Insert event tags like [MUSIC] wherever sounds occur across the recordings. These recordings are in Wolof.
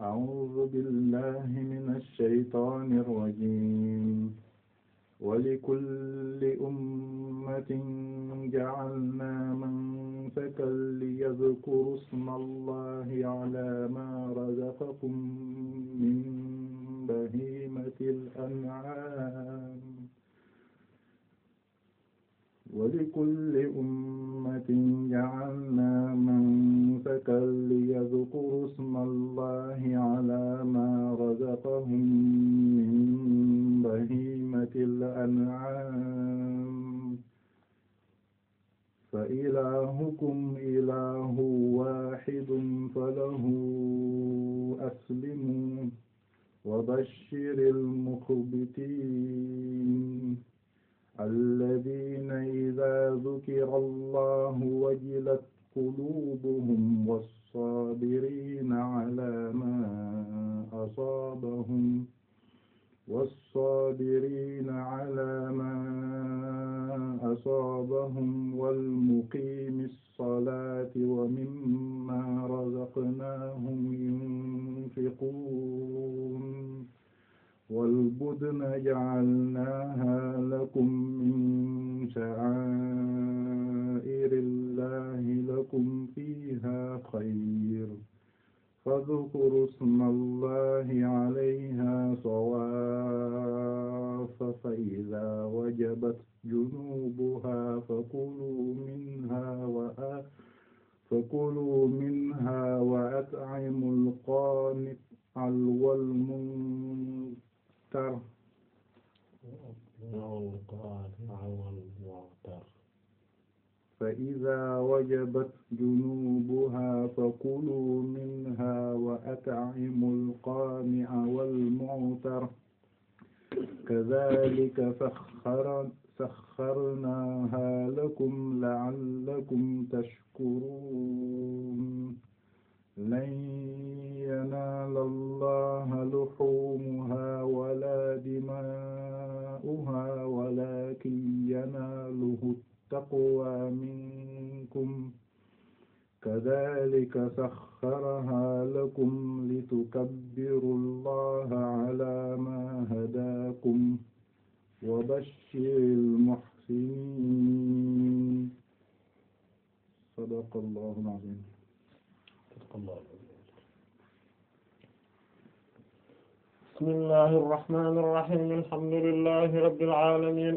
أعوذ بالله من الشيطان الرجيم ولكل أمة جعلنا منسكا ليذكروا اسم الله على ما رزقكم من بهيمة الأنعام ولكل أمة جعلنا من أمسكا ليذكروا اسم الله على ما رزقهم من بهيمة الأنعام فإلهكم إله واحد فله أسلموا وبشر المخبتين الذين إذا ذكر الله وجلت قلوبهم والصابرين على ما أصابهم والصابرين على ما أصابهم والمقيم الصلاة ومما رزقناهم ينفقون والبدن جعلناها لكم من شعائر لكم فيها خير فاذكروا اسم الله عليها صواف فإذا وجبت جنوبها فكلوا منها وآ فكلوا منها وأطعموا القانط والمنكر فإذا وجبت جنوبها فكلوا منها وأطعموا القانع والمعتر كذلك سخر سخرناها لكم لعلكم تشكرون لن ينال الله لحومها ولا دماؤها ولكن يناله التقوى منكم كذلك سخرها لكم لتكبروا الله على ما هداكم وبشر المحسنين صدق الله العظيم صدق الله بسم الله الرحمن الرحيم الحمد لله رب العالمين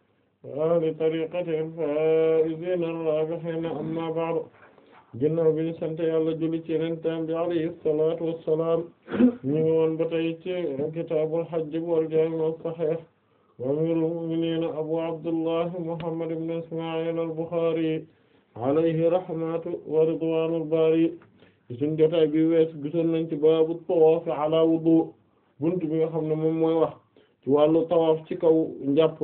ahli tariqati al-faa'iziina ar-raabihiina amma ba'du ginnaaw bi ñu sant yàlla julli ci rentaan bi alayhi salaatu wassalaam ñu ngi woon ba tey ci kitaabul hajj wal jaami'u sahiih wa amiirul mu'miniina abu abdullahi muhammad ibn isma'il al-buxaari alayhi rahmatu wa ridwaanul baari suñu jotaay bi wees gisoon nañ ci baabu tawaaf ala wudu buntu bi nga xam ne moom mooy wax ci wàllu tawaaf ci kaw njàpp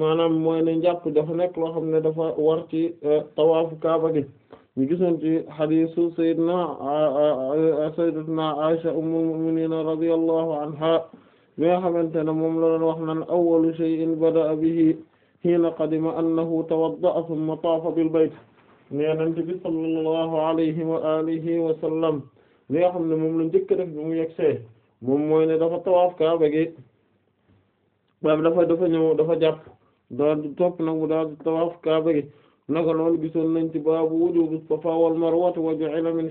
maanaam mooy ne njàpp dafa nekk loo xam ne dafa war ci euh, tawaafu kaaba gi ñu gisoon ci hadiisu sayyidina euh, sayyidatuna Aisha ummul mu'minina anha mi nga xamante ne moom la doon wax naan awwalu shay'in bada'a bihi hiina qadima annahu tawadda'a thumma taafa bil bayt neenante bi sallallahu alayhi moom la njëkk def bi mu yegsee moom mooy tawaaf kaaba maanaam dafa dafa ñëw dafa jàpp daal di topp nag mu daal di tawaaf kaaba gi naka loolu gisoon nañ ci baabu wujubu safa wal marwati wa ju'ila min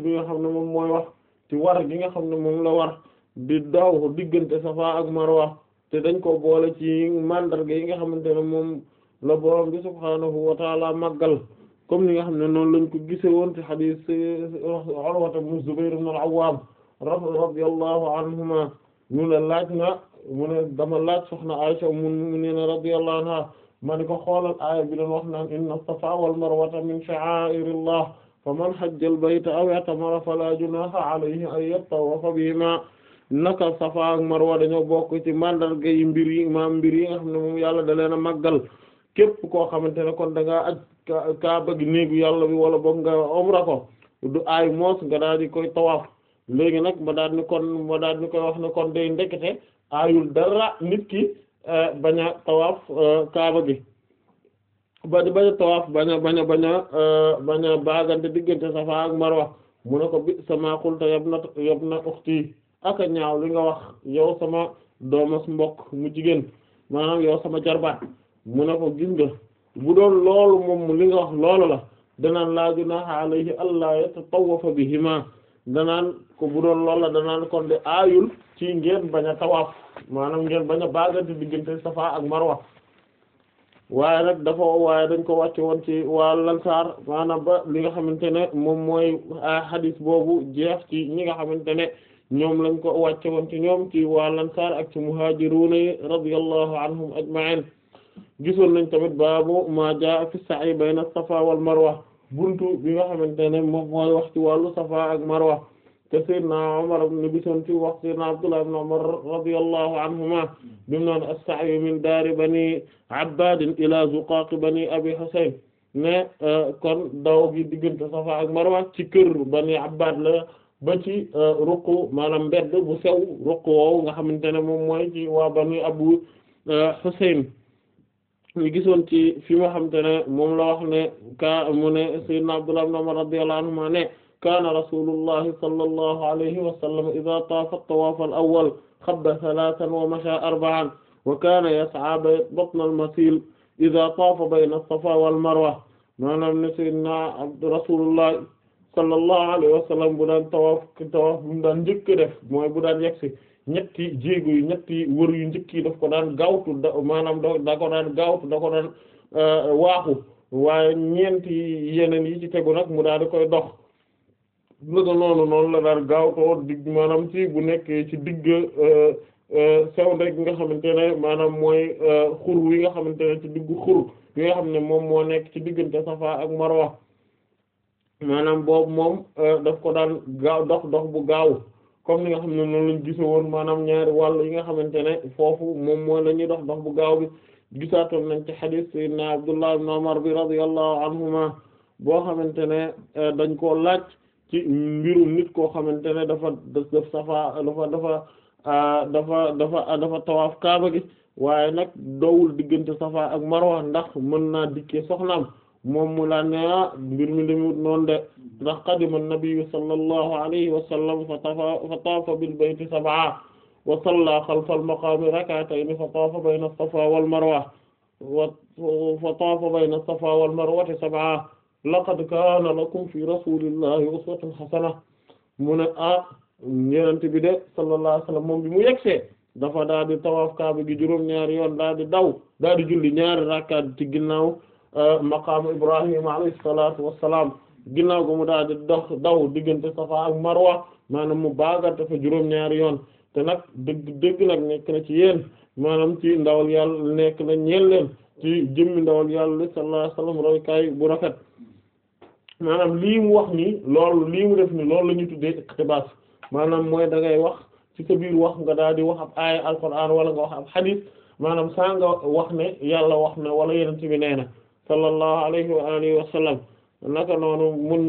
bi nga xam ne moom mooy wax ci war gi nga xam ne moom la war di daw diggante safa ak marwa te dañ ko boole ci mandarga yi nga xamante ne moom la borom bi subhaanahu wa taala màggal comme ni nga xam ne noonu lañ ko gise woon ci hadith Urwata ibn Zubayr ibn al-Awwam radiyallahu anhuma ñu ne laaj na mu dama laaj soxna Aysa ummul mu'miniina radiyallahu anha ma ni ko xoolal aaya bi doon wax naan inna as-safaa wal marwata min sha'aa'irillah faman hajja al-bayta aw i'tamara falaa junaaha alayhi an yatawwafa bihimaa naka Safaa ak Marwa dañoo bokk ci mandarga yi mbir yi maam mbir yi nga xam ne moom yàlla da leen a màggal képp koo xamante ne kon da ngaa aj Kaaba gi néegu yàlla bi wala boog nga umra ko du aay moos nga daal di koy tawaaf léegi nag ma daal ni kon ma daal ni koy wax ne kon day ndekete aayul dara nit ki eh, bañ a tawaaf eh, kaaba gi ba bañ a tawaaf bañ a a bañ eh, baagante diggante safa ak marwa mu ne ko bi sama xulta yab na yab aka ñaaw li nga wax yow sama doomas mbokk mu jigéen maanaam yow sama jarbaat mu ne ko gis nga bu doon loolu moom li nga wax loolu la danaan laa junaha alayhi allah yatatawafa bihima danaan ko bu doon loolu la danaan kon de aayul ci ngeen bañ a tawaaf maanaam ngeen bañ a baagante diggante Safa ak Marwa waaye nag dafa waaye dañ ko wàcce woon ci waa Lansaar maanaam ba li nga xamante ne moom mooy hadis ah, boobu jeex ci ñi nga xamante ne ñoom lañ ko wàcce woon ci ñoom ci waa Lansaar ak ci muhaajiruuna yi radiyallahu anhum ajma'in gisoon nañ tamit baabu ma jaa fi sa'i bayna Safa wal Marwa buntu bi nga xamante ne moom mooy wax ci wàllu safa ak marwa te sayyidna Umar ibn Bisan ci wax sayyidna Abdullah ibn Umar radiyallahu anhuma bimu noon as-sa'yu min daari bani Abbad ila zuqaq bani Abi Husayn ne euh, kon daw gi diggante safa ak marwa ci kër bani Abbad la ba ci euh, ruq maanaam mbedd bu sew ruq woowu nga xamante ne moom mooy ci waa bani Abu euh, Husayn ñu gisoon ci fi nga xam te ne moom la wax ne ka mu ne sayyidna Abdullah ibn Umar radiyallahu anhuma ne kaana rasulullahi sallallahu alayhi wa sallam idha taafa at-tawaaf al-awwal xabba thalathan wa masha arba'an wa kaana yas'a batna al-masil idha taafa bayna as-safa wal-marwa maanaam ne sayyidna rasulullahi sallallahu alayhi wa sallam bu daan tawaaf tawaaf bu daan njëkk def mooy bu daan yegsi ñetti jéego ñetti wër yu njëkk yi daf ko daan gaawtu da maanaam da ko daan gaawtu da ko daan euh, waaxu waaye ñeenti yeneen yi ci tegu nag mu daal di koy dox naka noonu la daan gaawtoo digg maanaam ci bu nekk ci digg euh, euh, sew rek nga xamante ne maanaam mooy xur wi nga xamante ne ci diggu xur yi nga xam ne moom moo nekk ci diggante Safa ak Marwa maanaam boobu moom daf ko daan gaaw dox dox bu gaaw comme ni nga xam ne noonu lañ gise woon maanaam ñaari wàll yi nga xamante ne foofu moom mooy la ñuy dox dox bu gaaw bi gisaatoon nañ ci xadiis sayyidina Abdullah ibn Umar bi radiyallahu anhuma boo xamante ne eh, dañ koo laaj ci mbirum nit koo xamante ne dafa daf safa dafa dafa ah, dafa dafa ah, dafa tawaaf kaaba gi waaye nag dowul diggante safa ak marwa ndax mën naa dikkee soxnaam moom mu laan ah mbir mi demut noonu de ndax qadima an-nabiyyu sallallahu alayhi wa sallam fa tafa fa taafa bil bayti sab'a wa salla xalfa al rak'atayni fa taafa bayna as-safa wal fa taafa bayna as-safa wal marwati sab'a laqad kaana lakum fi rasulillahi uswatun hasana mu ne ah ñeent bi de sallallahu alayhi wa sallam moom bi mu yegsee dafa daal tawaaf kaaba gi juróom-ñaari yoon daal daw daal di julli ñaari rakkaat ci ginnaaw. Euh, maqaamu Ibrahima alayhi salaatu wa salaam ginnaaw gu mu daal di dox daw diggante Safa ak Marwa maanaam mu baagante fa juróom-ñaari yoon te nag dëgg dëgg nag nekk na ci yéen maanaam ci ndawal yàlla nekk na ñeel leen ci jëmmi ndawal yàlla sallallahu alayhi wa sallam roykaay bu rafet maanaam lii mu wax nii loolu lii mu def nii loolu la ñu tuddee iqtibaas maanaam mooy da ngay wax ci sa biir wax nga daal di wax ab aaya alquran wala nga wax ab hadith maanaam saa wax ne yàlla wax na wala yeneen nee na. sallallahu alayhi wa alihi wa sallam naka noonu mun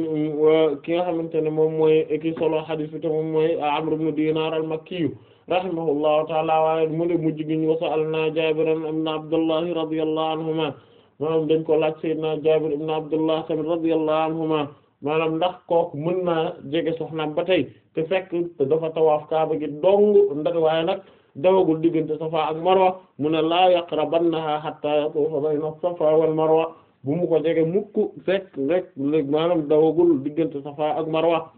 ki nga xamante ne moom mooy ki solo xadis bi te moom mooy Amr ibn Dinar al-Makkiyu rahimahullahu taala waaye mu ne mujj gi ñu wasalna Jaabir ibn Abdullah radiyallahu anhuma maanaam dañ ko laaj sayyidina Jaabir ibn Abdullah tamit radiyallahu anhuma maanaam ndax kooku mën naa jege soxnaam ba tey te fekk dafa tawaaf kaaba gi dong ndax waaye nag dawagul diggante safa ak marwa mu ne laa yaqrabannaha hatta yatufa bayna safa wal marwa bu mu ko jege mukk fekk rek maanaam dawagul diggante safa ak marwa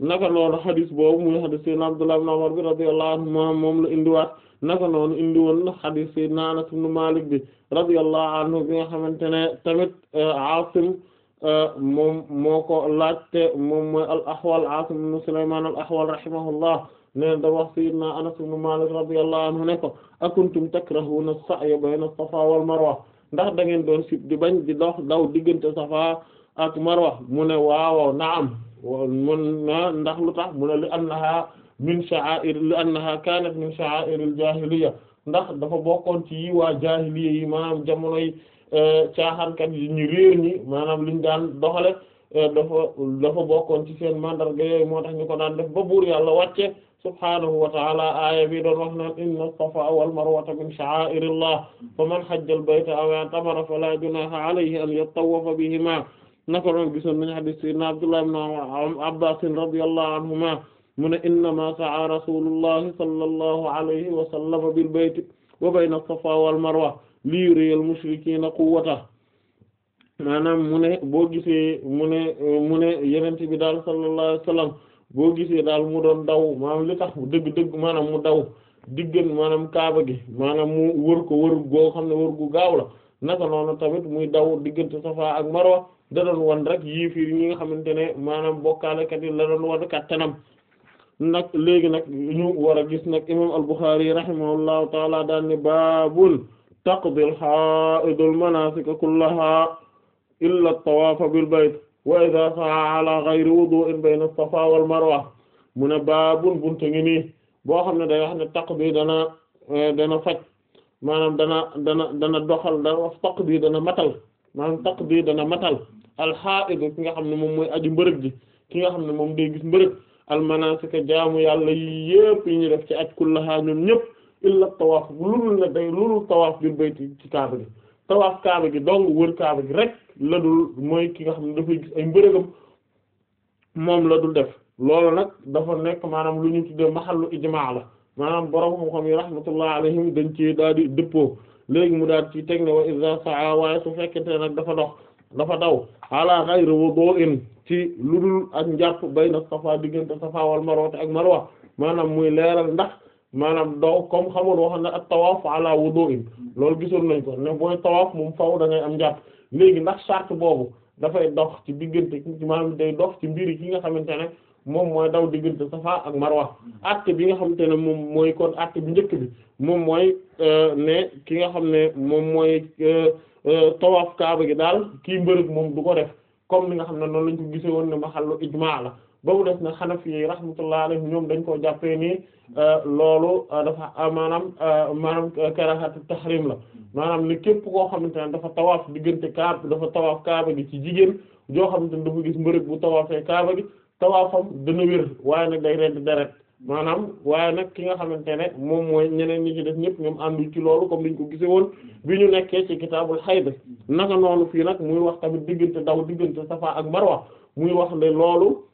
naka noonu xadis boobu muy xadis sayyidina Abdullah ibn Umar bi radiyallahu anhuma moom la indiwaat naka noonu indi woon na xadis sayyidina Anas ibn Malik bi radiyallahu anhu bi nga xamante ne tamit euh, Asim euh, moom moo ko laajte moom mooy al ahwal Asim ibn Sulaymaan al ahwal rahimahullah neen da wax sayyidina Anas ibn Malik radiyallahu anhu ne ko akuntum takrahuna as-sa'ya bayna as-safa wal marwa ndax da ngeen doon sib di bañ di dox daw diggante safa ak marwa mu ne waaw naam mun na ndax lu tax mu ne li annaha min sha'a'ir li annaha kanat min sha'a'ir al-jahiliya ndax dafa bokkoon ci yi waa jahiliya yi maanaam jamonoy eh, caaxaankat yi ñu réer ñi maanaam liñ daan doxale eh, dafa dafa bokkoon ci seen mandarga yooyu moo tax ñu ko daan def ba buur yàlla wàcce subhaanahu wa ta'ala aaya bi doon wax naan inna as-safa wal marwata min sha'a'irillaah fa man hajja al-bayta aw i'tamara falaa junaaha alayhi an yattawwafa bihimaa naka noon gisoon nañu hadiis sayyidina Abdullah ibn Abbaas radiyallaahu anhumaa mu ne innamaa sa'a rasuulullaahi sallallaahu alayhi wa sallama bil bayti wa bayna as-safa wal marwa liyuriyal mushrikiina quwwatahu maanaam mu ne boo gisee mu ne mu ne yonent bi daal sallallaahu alayhi wa sallam boo gisee daal mu doon daw maanaam li mu dëgg dëgg maanaam mu daw diggan maanam kaaba gi maanaam mu wër ko wër goo xam ne wër gu gaaw la naka noonu tamit muy daw diggante Safa ak Marwa da doon wan rek yii fii ñi nga xamante ne maanaam bokkaalekat yi wan kattanam nag léegi nag ñu war a gis nag imam al-Bukhari rahimahullahu taala daan ne baabul taqdil haidul manasika kullaha illa at-tawafa bil bayt wa iza sa'a ala ghayri wudu'in bayna as-safa wal marwa mu ne baabun buntu ngi nii boo xam ne day wax ne taq bi dana eh, dana faj maanaam dana dana dana doxal dana wax taq bi dana matal maanaam taq bi dana matal alxaid ki nga xam ne moom mooy aju mbërëg ji ki nga xam ne moom day gis mbërëg almanasika jaamu yàlla yi yépp yi ñu def ci aj kullaha ñoom ñëpp illa tawaaf lulul ne day lulul tawaaf bil bayti ci kaaba gi tawaaf kaaba gi dong wër kaaba gi rek la dul mooy kii nga xam ne dafay gis ay mbërëgam moom la dul def loolu nag dafa nekk maanaam lu ñu tuddee maxallu ijmaa la maanaam borom xam-xam yi rahmatullah alayhim dañ ci daal di dëppoo léegi mu daal ci teg ne wa iza sa'a waaye su fekkente nag dafa dox dafa daw ala ghayri wudu'in ci lu dul ak njàpp bayna safa diggante safa wal marwa ak marwa maanaam muy leeral ndax maanaam daw comme xamul wax na ak tawaaf ala wudu'in loolu gisoon nañ ko ne booy tawaaf moom faw da am jàpp léegi ndax charte boobu dafay dox ci diggante maanaam day dox ci mbiri ki nga xamante ne moom mooy daw diggante safa ak marwa acte bi nga xamante ne moom mooy kon acte bi njëkk bi moom mooy euh, ne ki nga xam ne moom mooy euh, euh, tawaaf kaaba gi daal kii mbërëg moom du ko def comme ni nga xam ne noonu lañ ko gisee woon ne maxallu ijmaa la ba mu def na xanafi yi rahmatullah alayhi ñoom dañ koo jàppee ni euh, loolu euh, dafa euh, maanaam maanaam karaxatu tahrim la maanaam ne képp koo xamante ne dafa tawaaf diggante kaab dafa tawaaf kaaba gi ci jigéen joo xamante ne dafa gis mbërëg bu tawaafee kaaba gi tawaafam dana wér waaye nag day rend deret maanaam waaye nag ki nga xamante ne moom mooy ñeneen ñi ci def ñëpp ñoom àndu ci loolu comme liñ ko gise woon bi ñu nekkee ci kitaabul xayda naka noonu fii nag muy wax tamit diggante daw diggante safa ak marwa muy wax ne loolu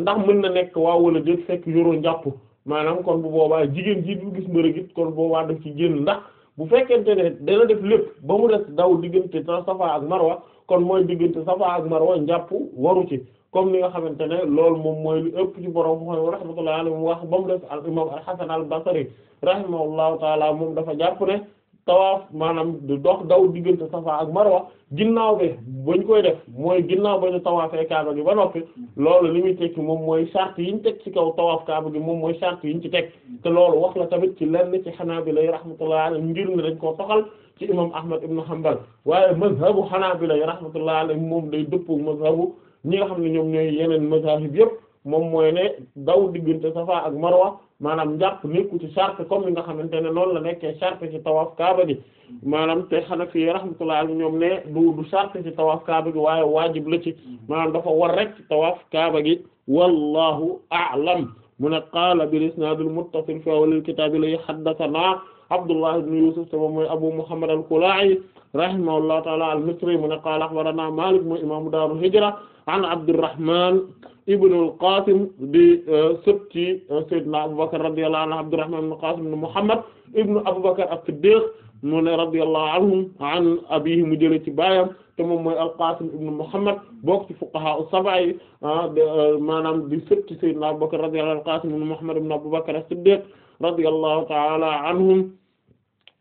ndax mën na nekk waaw wala déet fekk yoroo njàpp maanaam kon bu boobaa jigéen ji du gis mbërëg it kon boobaa daf ci génn ndax bu fekkente ne dana def lépp ba mu def daw diggante ta safa ak wa kon mooy diggante safa ak marwa njàpp waru ci comme ni nga xamante ne loolu moom mooy li ëpp ci borom xam rahmatullahi alayhi wax ba mu des al imam al hasan al basri rahimahullahu taala moom dafa jàpp ne tawaaf maanaam dox daw diggante safa ak marwa ginnaaw bi bañ koy def mooy ginnaaw ba ñu tawaafee kaaba gi ba noppi loolu li muy tekki moom mooy charte yi ñu teg ci kaw tawaaf kaaba gi moom mooy charte yi ñu ci teg te loolu wax la tamit ci lenn ci xanaabila lay rahmatullah alayhi ngir ne dañ koo soxal ci imam ahmad ibn hanbal waaye mazhabu xanaabila yi rahmatullah alayhi moom day dëppoo mazhabu ñi nga xam ne ñoom ñooy yeneen mazahib yëpp moom mooy ne daw diggante safa ak marwa maanaam njàpp nekku ci charte comme ni nga xamante ne noonu la nekkee charte ci tawaaf kaaba gi maanaam te Hanafi rahmatullah alayhi ñoom ne du du charte ci tawaaf kaaba gi waaye waajib la ci maanaam dafa war rek ci tawaaf kaaba gi wallahu a'lam mu ne qaala bil isnaadil muttasil fi awwalil kitaabi li haddathanaa Abdullah ibn Yusuf te moom mooy Abu Muhammad al-Kalaa'i rahimahullahu ta'ala al-Misri mu ne qaala akhbaranaa Maalik mooy imaamu daaru hijra an Abdurrahman ibn al-Qasim di euh, sët ci euh, Seydina Aboubacar radiyallahu anhu Abdurrahman ibn al-Qasim ibn Muhammad ibn Aboubacar as-Siddiq mu ne radiyallahu anhum an abihi mu jëlee ci baayam te moom mooy al-Qasim ibn Muhammad bokk ci fuqaha as-sab'a yi ah, euh, maanaam di sët ci Seydina Aboubacar radiyallahu anhu al-Qasim ibn Muhammad ibn Aboubacar as-Siddiq radiyallahu ta'ala anhum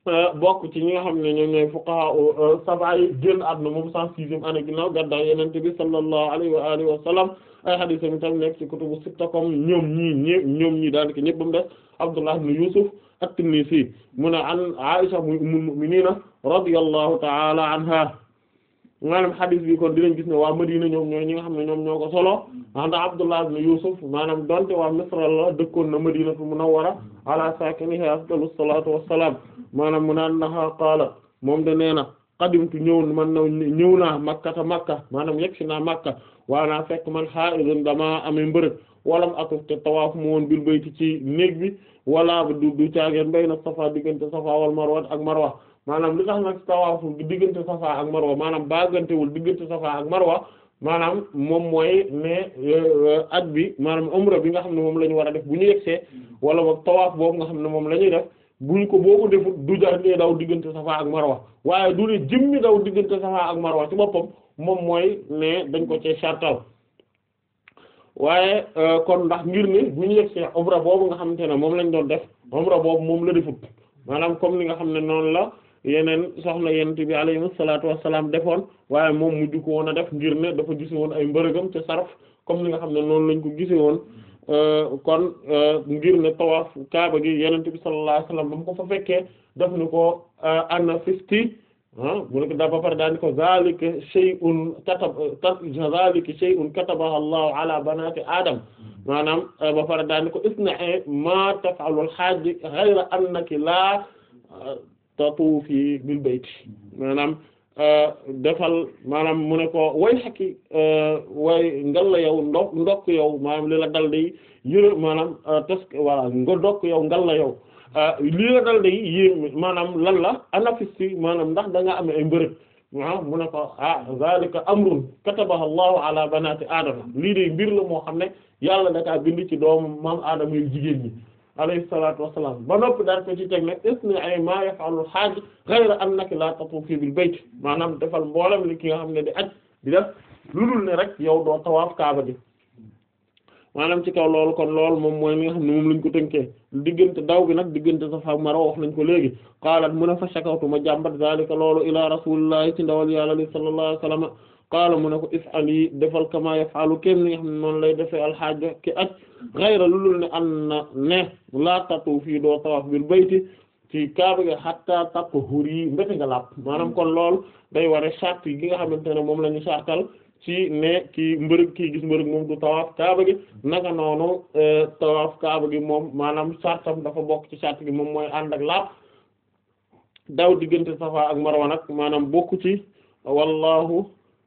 Euh, bokk ci ñi nga xam ne ñoom ñooy fuqaha euh, sab'a yi génn àdduna moom cent sixième année ginnaaw gàddaay Yonent bi sallallahu alayhi wa alihi wa sallam ay hadith yi tam nekk ci kutubu sitta comme ñoom ñii ñëpp ñoom ñii daanaka ñëpp bam def Abdullah ibn Yusuf at-Tinnisi mu an Aisha muy ummul mu'minina ta'ala anha maanaam xadis bi kon dinañ gis ne waa Madina ñoom ñooy ñi nga xam ne ñoom ñoo ko solo maanaam Abdullah ibn Yusuf maanaam donte waa Misra la dëkkoon na Madina fu munawwara ala saakinihaa afdalu salaatu wassalaam maanaam mu naan naxa qaala moom de nee na qadimtu ñëw man na ñëw naa makkata makka maanaam yegsi naa makka waa naa fekk man haa'idun damaa amee mbërëg walam atuf te tawaaf mu woon bil bayti ci néeg bi wala du du caageen bayna safa diggante safa wal marwa ak marwa maanaam li tax nag tawaafu diggante safa ak marwa maanaam baagantewul diggante safa ak marwa maanaam moom mooy ne euh, ak bi maanaam umra bi nga xam ne moom la ñu war a def bu ñu yegsee wala boog tawaaf boobu nga xam ne moom la ñuy buñ ko boo ko defut diggante safa ak marwa waaye du ne jëmmi daw diggante safa ak marwa ci boppam moom mooy ne dañ ko cee chartal waaye euh, kon ndax ngir ne bu ñu yegsee umra boobu nga xamante ne moom lañ doon def umra boobu moom la defut maanaam comme li nga xam ne noonu la yeneen soxna yonent bi alayhi salaatu wassalaam defoon waaye moom mujj ko woon a def ngir ne dafa gise woon ay mbërëgam ca saraf comme ni nga xam ne noonu lañ ko gise woon euh, kon euh, ngir ne tawaaf kaaba gi yonent bi sallallahu alayhi wasallam ba mu ko fa fekkee daf ni ko euh, ana fisti ah bu nekk da ba pare daal di ko zaalika shay'un katab zaalika shay'un katabahu Allahu ala banaati Adam maanaam ba pare daal di ko isna'i ma taf'alu al-hajj ghayra annaki laa tatawuf yi bil bayti maanaam euh, defal maanaam mu ne ko way xakki euh, way ngal la yow ndo ndokk yow maanaam li la dal day yërë maanaam euh, tes voilà nga yow ngal la yow li maanaam lan la anafisi maanaam ndax da nga amee ay mbërëg waaw mu ne ko ah zalika amrun katabahu allahu ala banati aadama lii de mbir la moo xam ne yàlla dakaa bind doomu maam aadama yu jigéen ñi alayhi salaatu wassalaam ba noppi daal ko ci teg nag isni ay maa yaf'alul haaj ghayra annaki laa tatuufi bil bayt maanaam defal mboolem li ki nga xam ne di aj di def lu dul ne rek yow doo tawaaf kaaba gi maanaam ci kaw loolu kon loolu moom mooy li nga xam ne moom lañ ko tënkee diggante daw bi nag diggante Safa ak Marwa wax nañ ko léegi qaalat mu ne fa shakawtu ma jàmbat zaalika loolu ilaa rasuulillahi ci ndawal yàlla sallallahu alayhi wa qaala mu ne ko is'ali defal kama yaf'alu kenn ni nga xam ne noonu lay defee alxaaja ki aj ghayra lulul ne an na ne laa tatu fii doo tawaaf bil bayti ci kaaba gi hatta tathuri mbete nga laab maanaam kon lool day ware sart yi gi nga xamante ne moom lañu ñu sartal ci ne kii mbërëg kii gis mbërëg moom du tawaaf kaaba gi naka noonu euh, tawaaf kaaba gi moom maanaam sartam dafa bokk ci sart gi moom mooy ànd ak laab daw diggante safa ak marwa nag maanaam bokku ci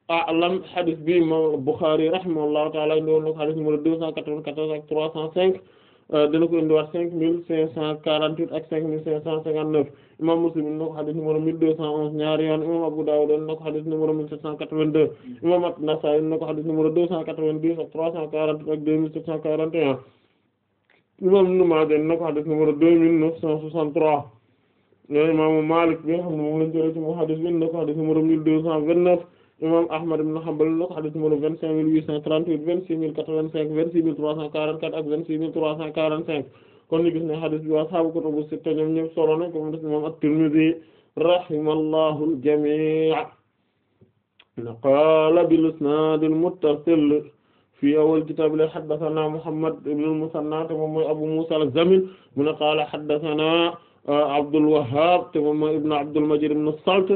alam xadis bi imam Bukhari rahimahullahu taala indi woon na ko xadis numéro deux cent quatre-vingt-quatorze ak trois cent cinq euh, dina ko indiwaat cinq mille cinq cent quarante-huit ak cinq mille cinq cent cinquante-neuf imam Muslim indi na ko xadis numéro mille deux cent onze ñaari imam Abu Dawud indi na xadis numéro mille sept cent quatre-vingt-deux imam An-Nasa'i indi na xadis numéro deux cent quatre-vingt-dix ak trois cent quarante-huit ak deux imam Ahmad ibn Hanbal la ko hadith numéro vingt cinq mille huit cent trente-huit vingt-six mille quatre-vingt-cinq vingt-six mille trois cent quarante-quatre ak vingt-six mille trois cent quarante-cinq kon ñu gis ne hadith bi ashaabu kutubu sitta ñoom ñëpp solo na ko def imam at-Tirmidhi rahimallahu al-jami' qaala bil isnaad al-muttasil fii awal kitaab la haddathana Muhammad ibn al-Musanna moom mooy Abu Musa al-Zamin mu ne qaala haddathana Euh, Abdul Wahhab te moom mooy ibn Abdul Majid ibn Salt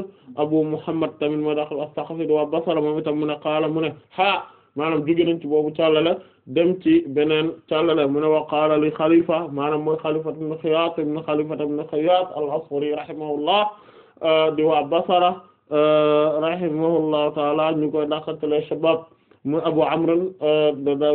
Abu Muhammad tamit mooy daxal as-Saqafi waa Basra moom itam mu ne qaala mu ne ha maanaam jóge nañ ci boobu càllale dem ci beneen càllale mu ne wa qaala li Khalifa maanaam mooy Khalifa ibn Khiyaat ibn Khalifa ibn Khiyaat al-Asfari rahimahullah euh, di waa Basra euh, rahimahullahu taala ñu koy dàqantale Shabab mu Abu Amr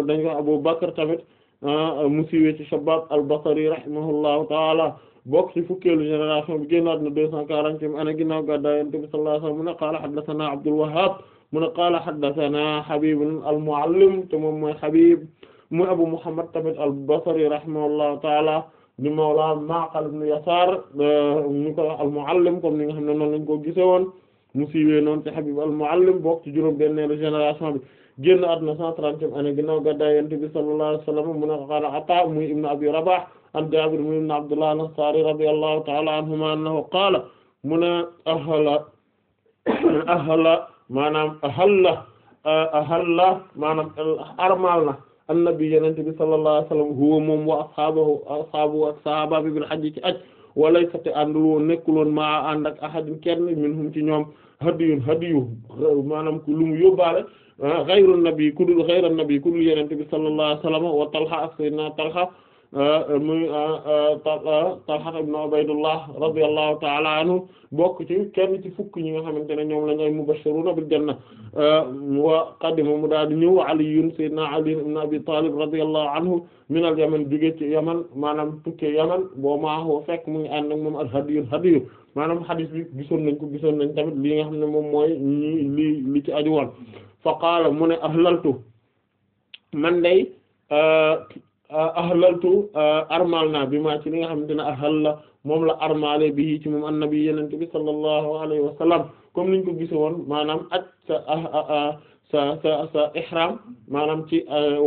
dañ ko Abu Bakr tamit mu siiwee ci Shabab al-Basri rahimahullahu taala bokk ci fukkeelu génération bi génnaat na deux cent quarantième année ginnaaw gàddaay Yonent bi sallallahu alayhi wa sallam mu ne qaala haddathana Abdul Wahhab mu ne qaala haddathana Habib al-Mu'allim te moom mooy Habib mu Abu Muhammad tamit al-Basri rahimahullahu ta'ala di mawla Ma'qil ibn Yasar ñu ko wax al-Mu'allim comme ni nga xam ne noonu lañ ko gisee woon mu siiwee noonu ci Habib al-Mu'allim bokk ci juróom-benneelu génération bi génn àdduna cent trentième année ginnaaw gàddaay Yonent bi sallallahu alayhi wa sallam mu ne qaala Ata muy ibn Abi Rabah an Jaabir ibn Abdullah al-Ansari radiyallahu ta'ala anhuma annahu qaala mu ne ahalla ahalla maanaam ahalla ahalla maanaam armal na annabi yenente bi sallallahu alayhi wasallam huwa moom wa ashaabahu ashaabu ak sahaba bi bil hajji ci aj walay sate àndul woon nekkul woon maa ànd ak ahadin kenn minhum ci ñoom hadiyun hadiyu maanaam ku lu mu yóbbaale ghayru ah, nabi ku dul ghayru nabi ku dul yenente bi sallallahu alayhi wasallam wa talha ak sayyidina talha Euh, muy euh, euh, Talha ibn Ubaydullah radiyallahu ta'ala anhu bokk ci kenn ci fukk ñi nga xamante ne ñoom lañ ay mubashiruna bil janna wa qadima mu daal di ñëw Ali sayyidina Ali ibn Abi Talib radiyallahu anhu min al Yaman jóge ci Yaman maanaam tukkee Yaman boo maaxoo fekk mu ngi ànd ak moom al hadiyu hadiyu maanaam hadis bi gisoon nañ ko gisoon nañ tamit li nga xam ne moom mooy ñi li li ci aju woon fa qaala mu ne ahlaltu man day ahlaltu armal na bi maa ci li nga xamante ne ahal la moom la armale bi ci moom annabi yenent bi sallallahu alayhi wa sallam comme niñ ko gise woon maanaam aj sa sa maanaam ci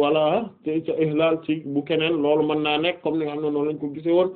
wala ca ihlal ci bu keneen loolu mën naa nekk comme ni nga xam ne noonu lañ ko gise woon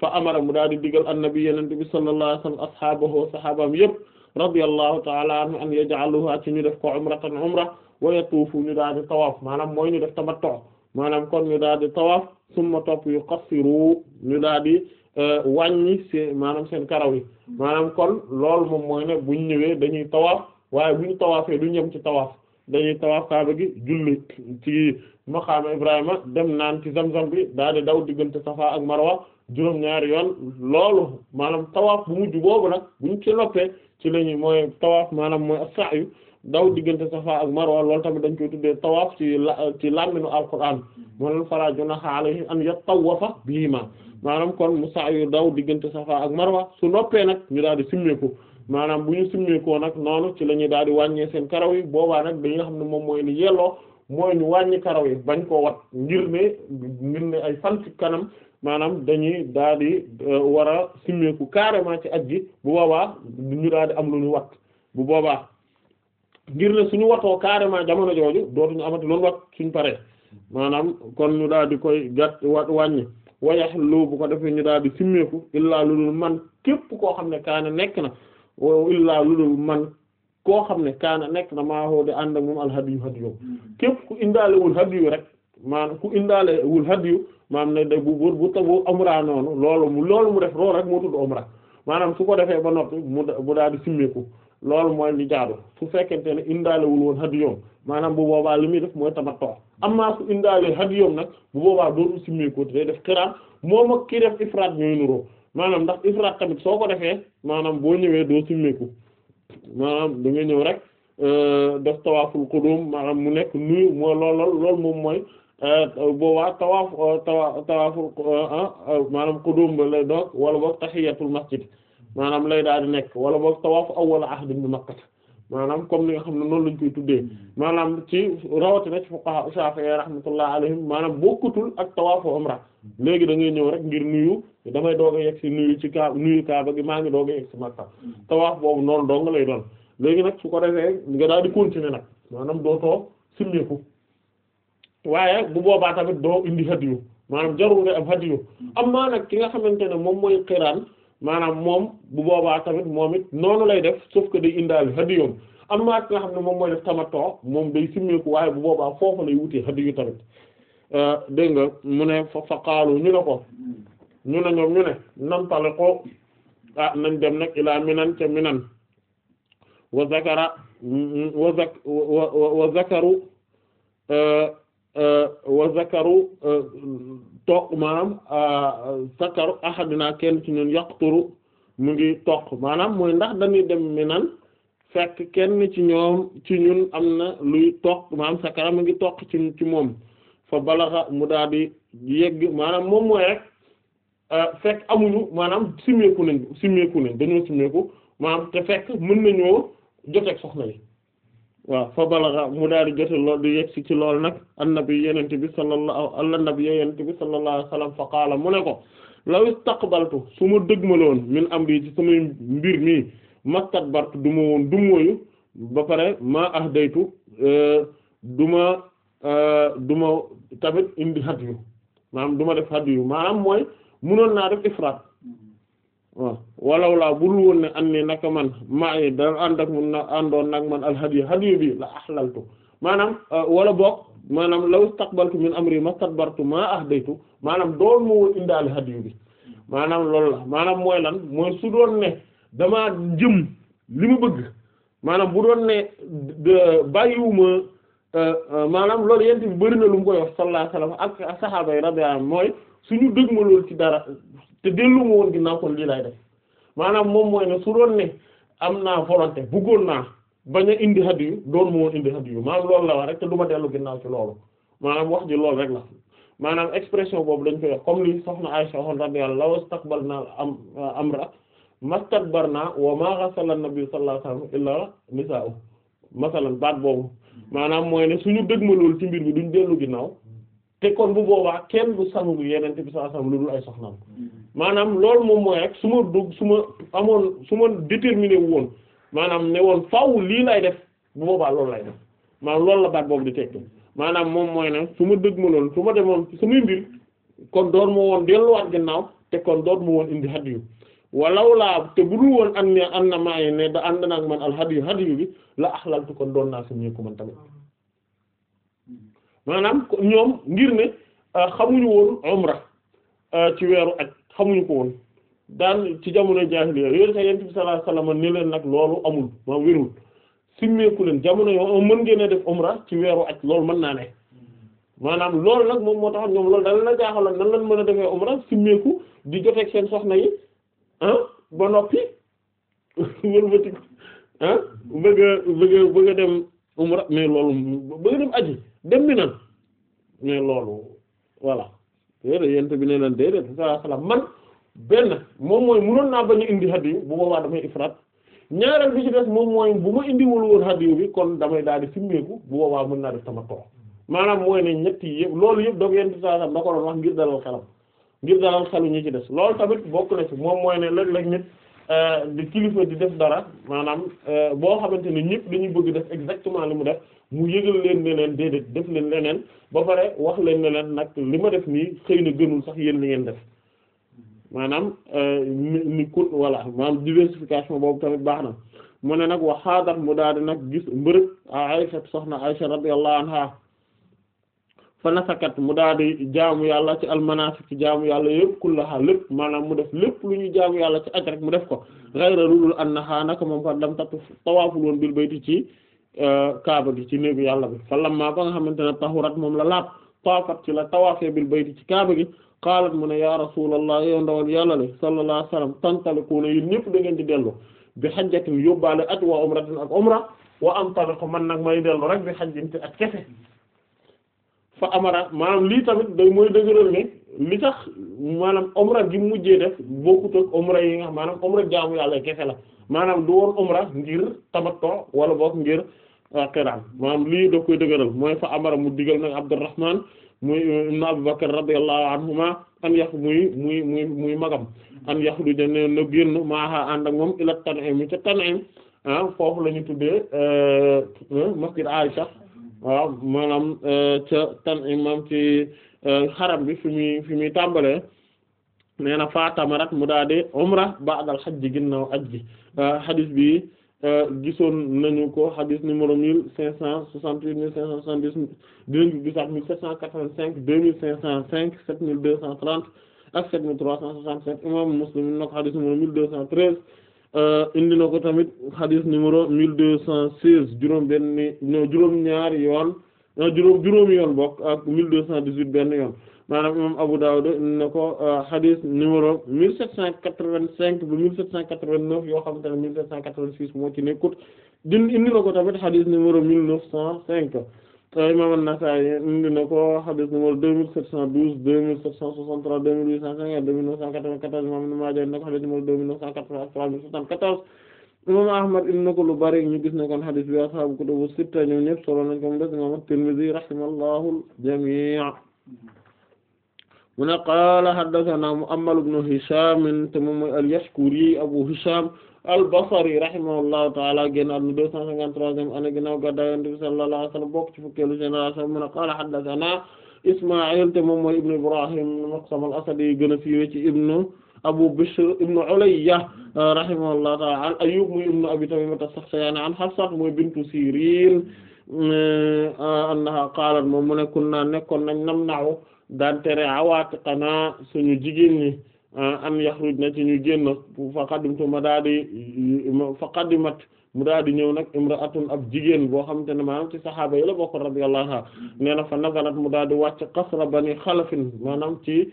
fa amara mu daal di digal annabi yenent bi sallallahu alayhi wa sallam ashabahu sahabaam yépp radiyallahu ta'ala anhu an yaj'aluha ci ñu def ko umratan umra wa yatuufu ñu daal di tawaaf maanaam mooy ñu def tamattu maanaam kon ñu daal di tawaaf summa topp yu qassiru ñu daal di euh, wàññi seen maanaam seen karaw yi maanaam kon loolu moom mooy ne ñu ñëwee dañuy tawaaf waaye bu ñu tawaafee du ñëm ci tawaaf dañuy tawaaf kaaba gi julli ci maqaama Ibrahima dem naan ci zam-zam bi daal di daw diggante Safa ak Marwa juróom-ñaari yoon loolu maanaam tawaaf bu mujj boobu nag buñ ci loppee ci lañuy mooy tawaaf maanaam mooy as-sa'yu daw diggante safa ak marwa loolu tamit dañ koy tuddee tawaaf ci ci làmminu alquran moom fala junaha alayhi an yatawafa bihima maanaam kon mu saa yu daw diggante safa ak marwa su noppee nag ñu daal di simmeeku maanaam bu ñu simmeekoo nag noonu ci la ñuy daal di wàññee seen karaw yi boobaa nag dañuy xam ne moom mooy li yelloo ñu wàññi karaw yi bañ koo wat ngir ne ngir ay fan kanam maanaam dañuy daal di euh, war a simmeeku carrément ci at ji bu boobaa ñu daal di am lu ñu wat bu boobaa. ngir ne suñu watoo carrément jamono jooju dootuñu amati loolu wat suñ paree maanaam kon ñu daal di koy gàtt wa wàññi wayax loo bu ko defee ñu daal di simmeeku illaa lu dul man képp ko xam ne kaana nekk na illaa lu dul man koo xam ne kaana nekk na maahoo de ànd ak moom alhadiyu hadiyu képp ku indaale wul hadiyu rek maanaam ku indaale wul hadiyu maanaam ne da bu bu bu bu umra noonu loolu mu loolu mu def loolu rek moo tudd umra maanaam su ko defee ba noppi mu mu daal di simmeeku loolu mooy li jaadu su fekkente ne indaalewul woon hadiyom maanaam bu boobaa li muy def mooy tamattu amma su indaale hadiyom nag bu boobaa dootul simmeeku te def xiraan moom ak ki def ifraat ñooy nuroo maanaam ndax ifraat tamit soo ko defee maanaam boo ñëwee doo simmeeku maanaam da nga ñëw rek euh, def tawaaful qudum maanaam mu nekk nuyu moo lool lool moom mooy euh, boobaa tawaaf euh, tawa tawaaful ah, maanaam qudum la doog wala boog tahiyatul masjid maanaam lay daal di nekk wala boog tawaaf awwal ahd bi Makkah maanaam comme ni nga xam ne noonu lañ koy tuddee hmm. maanaam ci rawatina ci fuqaha Shafi'i rahmatullah alayhim maanaam bokkutul ak tawaafu umra hmm. léegi da ngay ñëw rek ngir nuyu damay doog a yegg si nuyu ci kaa nuyu gi maa ngi doog a yegg si hmm. boobu noonu dong lay doon léegi nag su ko defee nga daal di continuer nag maanaam dootoo simmeeku waaye bu boobaa tamit doo indi hadiyu maanaam jarul nga am hadiyu am maa nag ki nga xamante ne moom mooy xiraan maanaam moom bu boobaa tamit moom it noonu lay def sauf que day indaale hadiyoom amma ki nga xam ne moom mooy def tamatoo moom day simmeeku waaye bu boobaa foofu lay wutee hadiyu tamit euh, dégg nga mu ne fa qaalu ñu ne ko ñu ne ñoom ñu ne nantaliqu ah nañ dem nag ilaa minan ca minan wa zakara wa zak wa zakaru euh, euh, toq maanaam euh, sakaru ahadina kenn ci ñun yaqturu mu ngi toq maanaam mooy ndax dañuy dem mi nan fekk kenn ci ñoom ci ñun am na luy toq maanaam sakara mu ngi toq ci ci moom fa balaxa mu daal di yegg maanaam moom mooy rek euh, fekk amuñu maanaam simmeeku simeeku nañ simeeku nañ dañoo simeeku maam te fekk mën nañoo joteeg soxna yi waaw fa mu daal di jote lool di yegsi ci lool nag annabi yenente bi sallallahu ala nabi yenente bi sallallahu alayhi wa sallam fa qaala mu ne ko law istaqbaltu su ma ma dëgmaloon min amri ci samay mbir mi mastakbartu du ma woon dumoyu ba pare ma ahdaytu euh, du ma euh, du ma tamit indi hadiyu maanaam du ma def hadiyu maanaam mooy munoon naa def ifraat waaw walaw laa bul woon ne an ni naka man maa ngi dara ànd ak mun na àndoon nag man alhadiyu hadiyu bi la ahlaltu maanaam euh, wala boog maanaam la law istaqbaltu min amri mastadbartu maa ahdaytu maanaam doon moo woon indaale hadiyu bi maanaam loolu la maanaam mooy lan mooy su doon ne damaa jëm li mu bëgg maanaam bu doon ne bàyyiwuma euh, euh, maanaam loolu yent bi bëri na lu mu koy wax sallallahu alayhi wasallam ak sahaaba yi radiyallahu anhum mooy suñu dëgmalool ci dara te dellu ma woon ginnaaw kon lii laay def maanaam moom mooy ne su doon ne am naa volonté bëggoon naa bañ a indi hadiyu doon ma woon indi hadiyu maanaam loolu la wax rek te du ma dellu ginnaaw ci loolu maanaam wax ji loolu rek la maanaam expression boobu dañ koy wax comme li soxna Aisha waxoon radiyallahu law istaqbalna am am amra mastakbarna wa ma ghasala an-nabi sallallahu alayhi wasallam illa nisaa'u masalan baat boobu maanaam mooy ne suñu dëgmalool ci mbir bi duñ dellu ginnaaw te kon bu boobaa kenn du sangu yenente bi sallallahu alayhi lu dul ay soxnaam maanaam loolu moom mooy rek su ma dugg su ma amoon su ma déterminé wu woon maanaam ne woon faaw lii lay def bu boobaa loolu lay def maanaam loolu la baat boobu di tekki maanaam moom mooy nag su ma dëgg ma loolu su ma demoon muy mbir kon door moo woon delluwaat ginnaaw te kon door ma woon indi hadiyu walaw laa te bu dul woon an an na maaye ne da ànd naag man al hadiyu hadiyu bi la axlaltu kon doon naa suñu ko man tamit maanaam ñoom ngir ne euh, xamuñu woon umra euh, ci weeru ak xamuñu ko woon daan ci jamono jaahiliya yooyu sax yonent bi sallallahu alayhi wasallam leen nag loolu amul ma wérul simmeeku leen jamono yoo mën ngeen a def umra ci weeru ak loolu mën naa ne maanaam loolu nag moom moo tax ñoom loolu dana la jaaxaloon nan lañ mën a defee umra simmeeku di joteeg seen soxna yi ah, ba noppi [LAUGHS] wëlbati ah bëgg bëgg a bëgg dem umra mais loolu bëgg dem aji dem bi nan mais loolu voilà déedéet yent bi ne leen déedéet sallallahu alayhi wasallam man benn moom mooy munoon naa bañ a indi hadiyu bu boobaa damay ifraat ñaareel bi ci des moom mooy bu ma indiwul woon hadiyu bi kon damay daal di simmeeku bu boobaa mën naa def tamattu maanaam mooy ne ñett yi yëpp loolu yëpp doog yent sallallahu alayhi wasallam da ko doon wax ngir dalal xelam ngir dalal xelu ñi ci des loolu tamit bokk na ci moom mooy ne léeg-léeg nit Euh, di kilifa di def dara maanaam euh, boo xamante ne ñëpp dañuy bëgg def exactement li mu def mu yëgal leen leen déedéet def leen leneen ba pare wax leen ne leen nag li ma def nii xëy na gënul sax yéen li ngeen def maanaam euh, ni ku voilà maanaam diversification boobu tamit baax na mu ne nag wax xaadar mu daal di nag gis mbërëg Aisha soxna Aisha radiyallahu anha fa nasakat mu daal di jaamu yàlla ci almanasik ci jaamu yàlla yëpp kullaha lépp maanaam mu def lépp lu ñuy jaamu yàlla ci aj rek mu def ko ghayra lulul annaha naka moom fa lam tatu tawaaful woon bil bayti ci euh, kaaba gi ci néegu yàlla bi fa lamma ba nga xamante ne tahurat moom la laab taafat ci la tawaafee bil bayti ci kaaba gi qaalat mu ne ya rasulallah yow ndawal yàlla le sallallahu alayhi wasallam tantalikuuna yéen ñëpp da ngeen di dellu bi xajjatin yóbbaale aj wa umratin ak umra wa man nag may dellu rek bi xajjin ci ak kese fa amara maanaam lii tamit day mooy dëgëral ne li tax maanaam omra gi mujjee def bokkut ak omra yi nga maanaam omra jaamu yàlla kese la maanaam du woon omra ngir tamattu wala boog ngir ah, xiraan maanaam lii da koy dëgëral mooy fa amara mu digal nag Abdurrahman muy uh, ibn Abu Bakr radiyallahu anhuma muy muy muy muy magam an yaxruja ne na génn maaha ànd ak moom ila Tan'im ca Tan'im ah foofu la ñu tuddee uh, uh, masjid Aisha waaw maanaam euh, ca Tan'im moom ci euh, xaram bi fi muy fi muy tàmbalee nee na faatamarat mu daa di umra ba'dal xaj ji ginnaaw aj ji xadis euh, bi gisoon nañu ko xadis numéro mille cinq cent soixante-huit mille cinq cent soixante-dix dinañ ko gisaat mille sept cent quatre-vingt-cinq deux mille cinq cent cinq sept mille deux cent trente ak sept mille trois cent soixante-sept imam Muslim na ko xadis numéro mille deux cent treize Euh, indi na ko tamit xadis numéro mille deux cent seize juróom benn juróom ñaari yoon juróom juróom yoon bokk ak mille deux cent dix-huit benn yoon maanaam imam Abu Dawud indi na ko euh, xadis numéro mille sept cent quatre-vingt-cinq ba mille sept cent quatre-vingt-neuf yoo xam te ne mille sept cent quatre-vingt-six moo ci nekkut din indi na ko tamit xadis numéro mille neuf cent cinq imam An-Nasa'i indi na ko hadith numéro 2712 2763 2850 2994 imam Ibn Maaja indi na ko hadith numéro 2983 74 imam Ahmad indi na ko lu bari ñu gis ne kon hadith bi ashaabu kutubu sitta ñoom ñépp solo nañ ko mu des imam At-Tirmidhi rahimahullahu al-jami' mu ne qaala haddathana Mu'ammal ibn Hisham te moom mooy al-Yashkuri Abu Hisham al-Basri rahimahullahu ta'ala génn àdduna 253e année ginnaaw gàddaay Yonent bi sallallahu alayhi wa sallam bokk ci fukkeelu génération mu ne qaala haddathana Isma'il te moom mooy ibn Ibrahim Maqsam al-Asadi gën a fiiwe ci ibn Abu Bishr ibn Ulayya rahimahullahu ta'ala an Ayyub muy ibn Abi Tamima as-Sakhtiyaani an Hafsa mooy bintu Sirin annaha qaalat moom mu ne kunna nekkoon nañ namna'u daan tere awaatiqanaa suñu jigéen ñi an yaxruj na ci ñu génn fa qadimtu ma daa di fa qadimat mu daa di ñëw nag imraatun ab jigéen boo xamante ne maanaam ci saxaaba yi la bokk radiyallahu anha nee na fa nazalat mu daa di wàcc qasra bani xalafin maanaam ci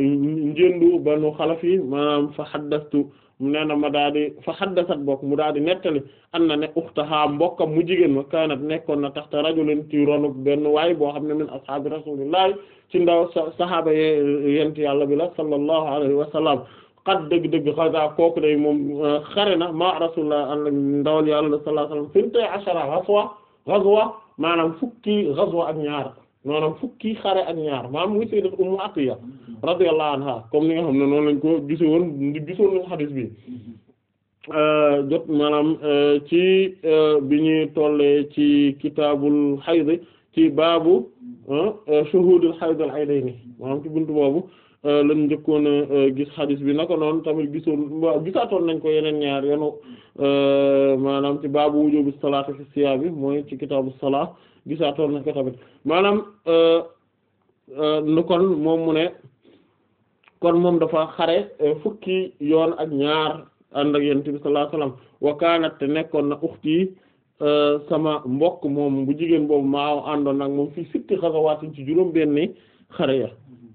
njëndu banu xalaf yi maanaam fa xaddastu nee na ma daa di fa xaddasat bokk mu daa di nettali an na ne uxtaha mbokkam mu jigéen ma kaanat nekkoon na taxta rajulin ci ronu benn waay boo xam ne min ashaabi rasulillahi ci ndaw sahaaba ye yent yàlla bi la sallallahu alayhi wa sallam qad dëgg-dëgg xasa kooku day moom euh, xare na ma rasulullah an ndawal yàlla sallallahu alayhi wa sallam ashara ghazwa ghazwa maanaam fukki ghazwa ak ñaar maanaam fukki xare ak ñaar maanaam muy sayyidat Ummu Atiya radiyallahu anha comme ni nga xam ne noonu lañ ko gisoon gisoon nañ xadis bi euh, jot maanaam euh, ci euh, bi ñuy tollee ci kitaabul hayd ci baabu shuhuudul hayd al aynayni ci buntu boobu Euh, lañ njëkkoon euh, gis xadis bi naka noonu tamit gisoon waaw gisaatoon nañ ko yeneen ñaar yanu euh, maanaam ci baabu wujubu salaati fi siyaa bi mooy ci kitaabu salaa gisaatoon nañ ko tamit maanaam nu kon moom mu ne kon moom dafa xare fukki yoon ak ñaar ànd ak yonent bi sallallahu alayhi wasallam kaanat te nekkoon na uxti sama mbokk moom bu jigéen boobu maa àndoon nag moom fii sitti xasawaatin ci juróom benni xare ya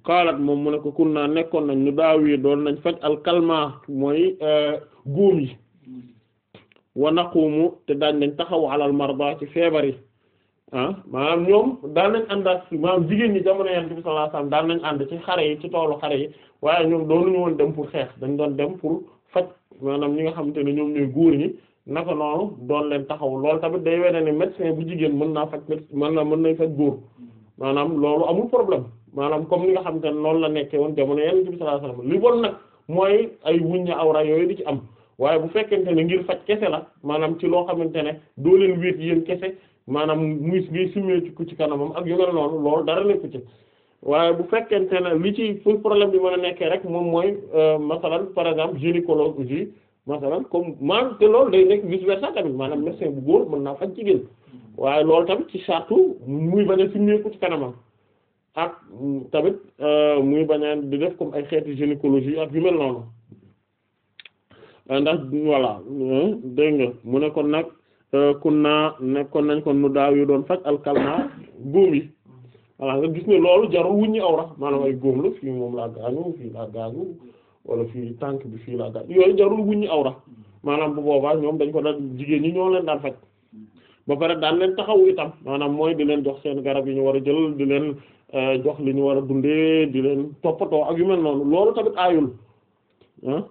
qaalat moom mu ne ko kun naa nekkoon nañ nu daawi doon nañ faj alkalma mooy euh, góom yi wa naqumu te daañ nañ taxaw alal marda ci feebar yi ah maanaam ñoom daan nañ ànd ak maanaam jigéen ñi jamono Yonent bi sallallahu alayhi wasallam daan nañ ànd ci xare yi ci toolu xare yi waaye ñoom doonuñu woon dem pour xeex dañ doon dem pour faj maanaam ñi nga xamante ne ñoom ñooy guur yi naka noonu doon leen taxaw loolu tamit day wone ne médecin bu jigéen mën naa faj mën na mën nay faj góor maanaam loolu amul problème maanaam comme ni nga xam te ne noonu la nekkee woon jamono yenn ci bi sallallahu alayhi li bon nag mooy ay wuñña awra yooyu di ci am waaye bu fekkente ne ngir faj kese la maanaam ci loo xamante ne doo leen wéet yéen kese maanaam muy ngay simee ku ci kanamam ak yu mel noonu loolu dara nekku ci waaye bu fekkente ne li ci fu problème bi mën a nekkee rek moom mooy euh, masalan par exemple gynécologie masalan comme man te loolu day nekk vice versa tamit maanaam médecin bu góor mën naa faj jigéen waaye loolu tamit ci sartu muy bañ a simmeeku ci kanamam ak tamit euh, muy bañ a di def comme ay xeeti gynécologie ak yu noonu ndax voilà euh, dégg nga mu nekkoon kon nag euh, kun na nekkoon nañ kon nu daaw yu doon faj alkalma góom yi nga gis ne loolu jarul wuññi awra maanaam ay góom la fii moom laa fii tànk bi fii laa gaañu yooyu jarul wuññi awra maanaam bu boobaa ñoom dañ ko daan jigéen ñi ñoo leen daan faj ba pare daal leen taxawu itam maanaam mooy di leen jox seen garab yi ñu war a jël di leen euh, jox li ñu war a dundee di leen toppatoo ak yu mel noonu loolu tamit aayul ah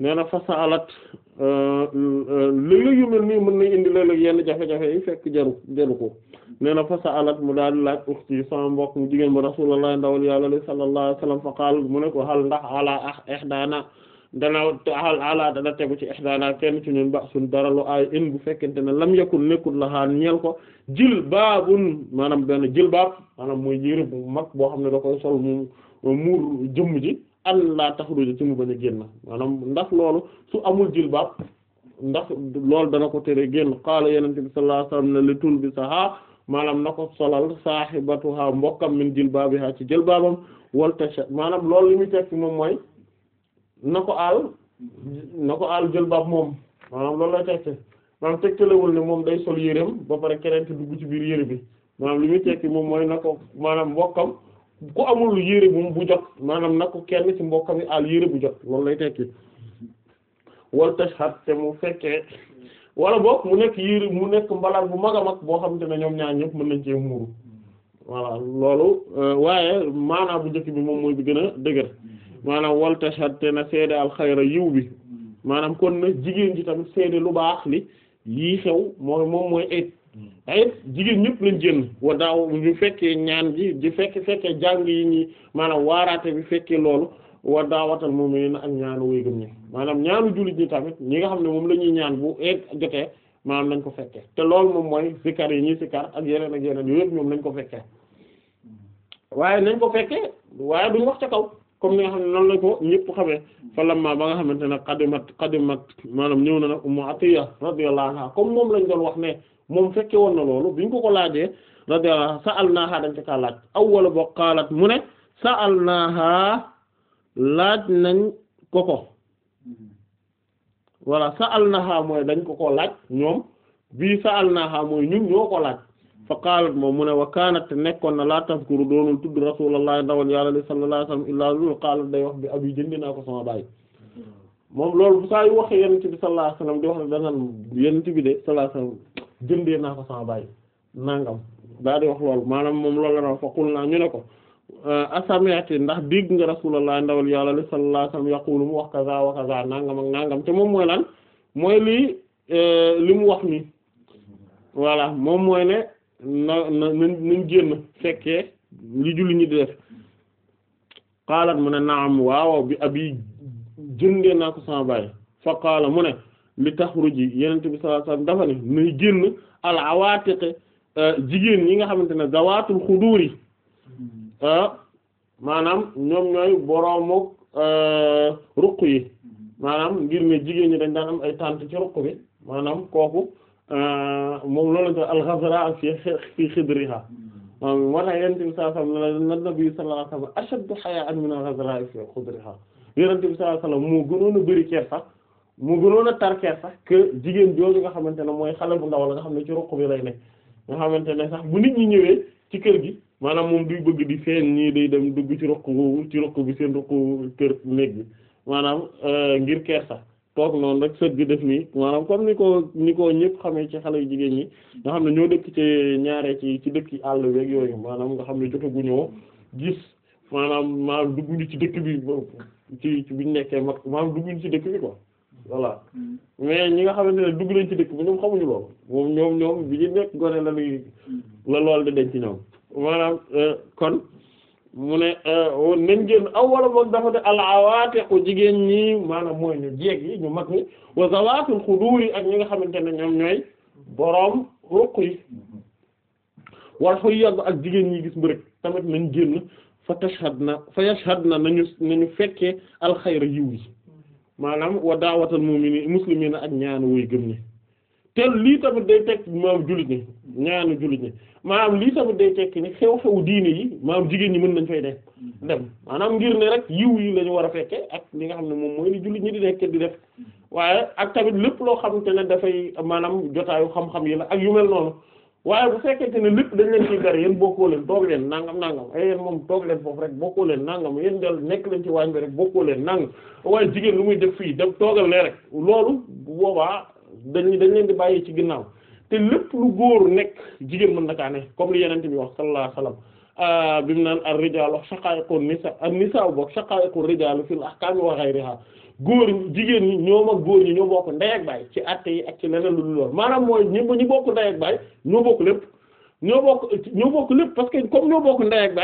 nee na fasaalat euh, euh, léeg-léeg yu mel nii mën nañ indi léeg-léeg yenn jafe-jafe yi fekk jaru jaru ko nee na fasaalat mu daal laaj uxti sama mbokk mu jigéen ba rasulullah ndawal yàlla sallallahu alayhi wasallam fa qaal mu ne ko hal ndax ala ah danaaw ala dana tegu ci ihdaana kenn ci ñun ba suñ dara lu aay in bu fekkente ne lam yakun nekkul laxaa ñeel ko jil baabun maanaam benn jil baab maanaam mooy yére bu mag boo xam ne da koy sol mu jëmm ji allah taxruju ci mu bañ a génn maanaam ndax loolu su amul jil baab ndax loolu dana ko tere génn qaala yenente bi sallallahu alayhi wasallam ne li tul bi saha maanaam na ko solal saahibatuha mbokkam min jil baabiha ci jël baabam waltacha maanaam loolu li muy tekki moom mooy na ko aal na ko aal jël baab moom maanaam loolu lay tekki maanaam tegtalewul ne moom day sol yéreem ba pare keneen ki dugg ci biir yére bi maanaam lu muy tekki moom mooy na ko maanaam mbokkam ku amul yére bu jot maanaam na ko kenn ci mbokkam yi aal yére bu jot loolu lay tekki wal tashhad te mu fekkee wala boog mu nekk yére mu nekk mbalaat bu mag a mag boo xam xamante ne ñoom ñaar ñëpp mën nañ cee muuru voilà loolu euh, waaye maanaam bu jëkk bi moom mooy bi gën a dëgër maanaam wal tashhad te na seede alxayra yiw bi maanaam kon na jigéen ji tamit seede lu baax li lii xew mooy moom mooy ayit ayit jigéen ñëpp lañ jënd wa daaw ñu fekkee ñaan ji di fekke fekkee jàng yi ñu maanaam waaraate bi fekkee loolu wa daawatal mu'miniina ak ñaanu wéygëm ñi maanaam ñaanu jullit ñi tamit ñi nga xam ne moom la ñuy ñaan bu ayit jotee maanaam nañ ko fekkee te lool moom mooy sikar yi ñuy sikar ak yeneen ak yeneen yooyu yëpp ñoom nañ ko fekkee waaye nañ ko fekkee waaye duñ wax ca kaw comme ni nga xam ne noonu la ko ñëpp xamee fa lamma ba nga xamante ne qadimat qadimat maanaam ñëw na nag Ummu Atiyya radiyallahu anha comme moom lañ doon wax ne moom fekke woon na loolu biñ ko ko laajee radiyallahu anha sa'alnaha dañ ca laaj awwala boo qaalat mu ne sa'alnaha laaj nañ ko ko voilà sa'alnaha mooy dañ ko ko laaj ñoom bii sa'alnaha mooy ñun ñoo ko laaj fa qaalat moom mu ne wa kaanat nekkoon na laa tazkuru doonul tudd rasulullah ndawal yàlla li sallallahu alayhi wasallam illaa lul qaalat day wax bi abi jëndi naa ko sama baay moom loolu bu saa yu waxee yonent bi sallallahu alayhi wasallam di wax ne bi de sallallahu alayhi wasallam jëndee naa ko sama baay nangam daa di wax loolu maanaam moom loolu la na fa qul naa ñu ne ko asami'ti ndax dégg nga rasulullah ndawal yàlla li sallallahu alayhi wasallam yaqulu mu wax kaza wa kaza nangam ak nangam te moom mooy lan mooy lii li mu wax nii voilà moom mooy ne na na nañ génn fekkee li julli ñi def xaalaat mu ne naam waaw bi abi jëndee naa ko sama baay mu ne li taxruji yenent bi sallallahu alayhi wasallam dafa ne nay génn al euh, jigéen ñi nga xamante ne zawaatul xuduri mm-hmm. euh, maanaam ñoom ñooy boroomu euh, ruq yi mm-hmm. maanaam ngir ne jigéen ñi dañ daan am ay tànt ci ruq bi maanaam kooku Euh, moom loolu la al-ghazra fi fi khidriha moo tax yonent bi sallallahu alayhi wasallam lan nabi sallallahu alayhi wasallam ashaddu haya'an min al-ghazra fi khidriha yonent bi sallallahu alayhi wasallam moo gënoon a bëri kersa moo gënoon a tar kersa que jigéen jooju nga xamante ne mooy xale bu ndaw la nga xam ne ci ruq bi lay nekk nga xamante ne sax bu nit ñi ñëwee ci kër gi maanaam moom duy bëgg di seen ñii day dem dugg ci ruq boobu ci ruq bi seen ruq kër néeg bi maanaam euh, ngir keer kersa. toog noonu rek sët bi def nii maanaam comme ni ko ni ko ñëpp xamee ci xale yu jigéen ñi nga xam ne ñoo dëkk ci ñaare ci ci dëkk àll beeg yooyu maanaam nga xam ne gu jotaguñoo gis maanaam maanaam dugguñu ci dëkk bi ci ci buñ nekkee mag maanaam dugguñu ci dëkk bi quoi voilà mais ñi nga xamante ne dugg nañ ci dëkk bi ñoom xamuñu loolu moom ñoom ñoom bi ñu nekk gone la luy la lool di denc ñoom maanaam euh, kon mu ne euh, nañ génn aw wala boog dafa de alawaate ko jigéen ñi maanaam mooy ñu jeeg yi ñu mag ñi wa zawaatul xuduur yi ak ñi nga xamante ne ñoom ñooy boroom ruq yi wal xuyyad ak jigéen ñi gis mbërëg tamit nañ génn fa tashhadna fa yashhadna na nañu fekkee alxayra yiw yi maanaam wa daawatal mu'minin muslimina ak ñaanu woy gëm ñi te lii tamit day tekk maanaam jullit ñi ñaanu jullit ñi maanaam lii tamit day tekk ni xew-xewu diine yi maanaam jigéen ñi mën nañ fay def dem maanaam ngir ne rek yiw yi la ñu war a fekke ak li nga xam ne moom mooy li jullit ñi di nekk di def waaye ak tamit lépp xamante ne dafay maanaam jotaayu xam yi la ak yu mel noonu waaye bu fekkente ne lépp dañ leen ciy gar yéen bokkoo leen toog leen nangam nangam ay eh, moom toog leen foofu rek bokkoo leen nangam yéen del nekk leen ci waañ bi rek bokkoo leen nangam jigéen lu muy def fii dem toogal lee rek loolu boobaa dañuy dañ leen di bàyyi ci ginnaaw te lépp lu góor nekk jigéen mën na kaa ne comme li yenente bi wax sallallahu alayhi wasallam ah, bi mu naan ar rijalu shaqa'iqun nisa an nisa bok shaqa'iqur rijalu fil ahkam wa ghayriha góor jigéen ñi ñoom ak góor ñi ñoo bokk ndey ak baay ci àtte yi ak ci leneen lu dul lool maanaam mooy ñëpp ñi bokk ndey ak baay ñoo bokk lépp ñoo bokk ñoo bokk lépp parce que comme ñoo bokk ndey ak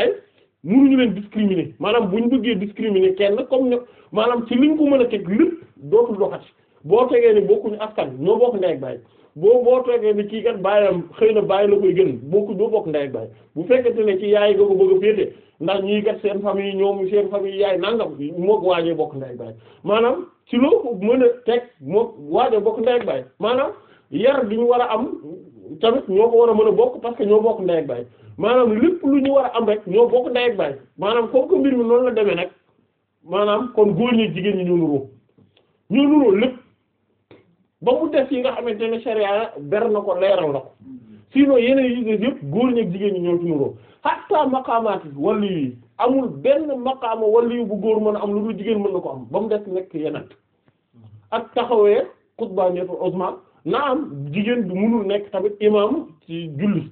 nu ñu leen discriminer maanaam bu ñu bëggee discriminer kenn comme ño maanaam ci liñ ko mën a teg lépp dootul doxati boo tegee ni bokkuñu askan ñoo bokk ndey ak baay boo boo tegee ni kii kat baayam xëy na baay la koy gën bokku ñoo bokk ndey ak baay bu fekkente ne ci yaay nga ko ndax ñii kat seen famille ñoom seen famille yaay nangam moog waajee bokk ndey ak maanaam ci loo ko mën a teg moog waajee bokk ndey ak maanaam yar bi ñu war a am tamit ñoo ko war a mën a bokk parce que ñoo bokk ndey ak baay maanaam lépp lu ñu war a am rek ñoo bokk ndey ak baay maanaam comme que mbir mi noonu la demee nag maanaam kon góor ñi jigéen ñi ñoo nuroo ñoo nuroo lépp ba mu def yi nga xamante ne sharia ber na ko leeral na ko sinon yeneen yi des yëpp góor ñeeg jigéen ñi ñoo tunuroo hatta maqaamaat wàllu yi amul benn maqaama wàllu yu bu góor mën a am lu dul jigéen mën na ko am ba mu def nekk yeneen ak taxawee xutbaaneetu Usmaan na am jigéen du munul nekk tamit imam ci julli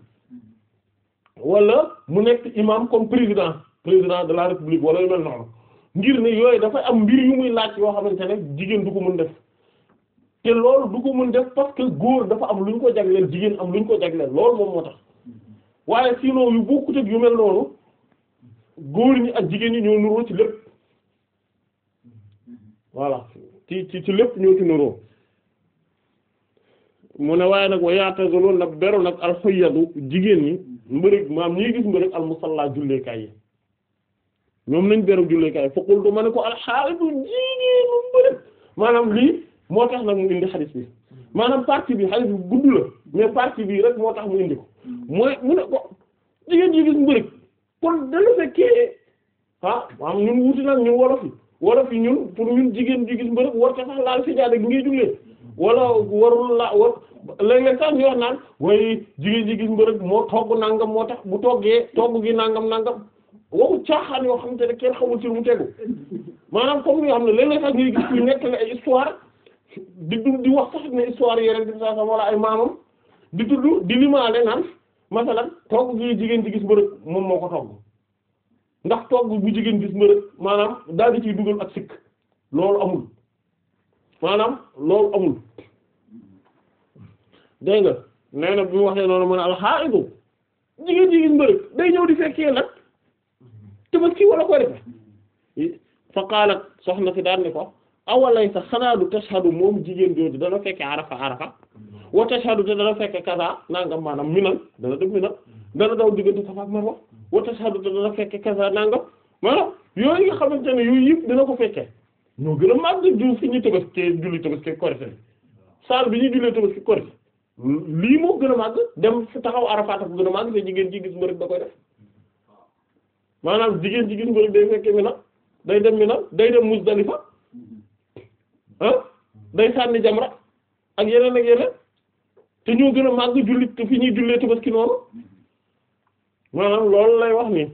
wala mu nekk imam comme président président de la république wala yu mel noonu ngir ne yooyu dafay am mbir yu muy laaj yoo xamante ne jigéen du ko mën te lool du ko mën def parce que góor dafa am lu ñu ko jagleel jigéen am lu ñu ko jagleel loolu moom moo tax waaye sinon yu bokkut ak yu mel noonu góor ñi ak jigéen ñi ñoo nuroo ci lépp voilà ci ci lépp ñoo ci nuroo mu ne waaye nag wa yaatazaloon nag jigéen ñi mbërëg maam ñii gis mbërëg yi ñoom nañ beru julleekaay yi fokkul du ma ne ko alxaalitu jigéenu mbërëg maanaam lii moo tax nag mu indi xadis bi maanaam partie bi xadis bi gudd la mais partie bii rek moo tax mu indi ko mooy mu ne ko jigéen ji gis mbërëg kon dana fekkee ah maam ñun wuti nag ñun wolof yi wolof yi ñun pour jigéen ji gis mbërëg war ta sax laal si jaade bi ngay jullee wala warul la war léeg-léeg sax ñu wax naan waaye jigéen ji gis mbërëg moo togg nangam moo tax bu toggee togg gi nangam nangam waxu caaxaan yoo xamante ne kenn xamul ci mu tegu maanaam comme yoo xam ne léeg-léeg sax ñuy gis ñu nekk la ay histoire di dund di wax sax ne histoire yeneen bi saa wala ay maamam di tudd di limaale naan masalan togg gi jigéen di gis mbërëg moom moo ko togg ndax bu jigéen gis maanaam daal di ciy dugal ak sikk loolu amul maanaam loolu amul dégg nga nee na bi mu waxee noonu ma ne alxaaidu jigéen jigéen mbërëg day ñëw di fekkee nag te ba kii wala ko defe fa qaalat soxna si daan ne ko awalaysa xanaa du tashhadu moom jigéen jooju dana fekke arafa arafa wa tashhadu te dana fekke kaza nangam maanaam minal dana dem minal dana daw diggante Safa ak Marwa wa tashhadu te dana fekke kaza nangam maanaam yooyu nga xamante ne yooyu yëpp dana ko fekke ñoo gën a màgg ju fi ñu Tabaski julli Tabaski Korité saal bi ñuy jullee Tabaski Korité moo gën a màgg dem fi taxaw Arafat ak gën a màgg te jigéen ji gis nga rek da koy def maanaam jigéen ji gis nga rek day fekke minal day dem minal day dem Muzdalifa Ah, day sànni jamra ak yeneen ak yeneen te ñoo gën a màgg jullit fi ñuy jullee tabaski noonu maanaam loolu lay wax nii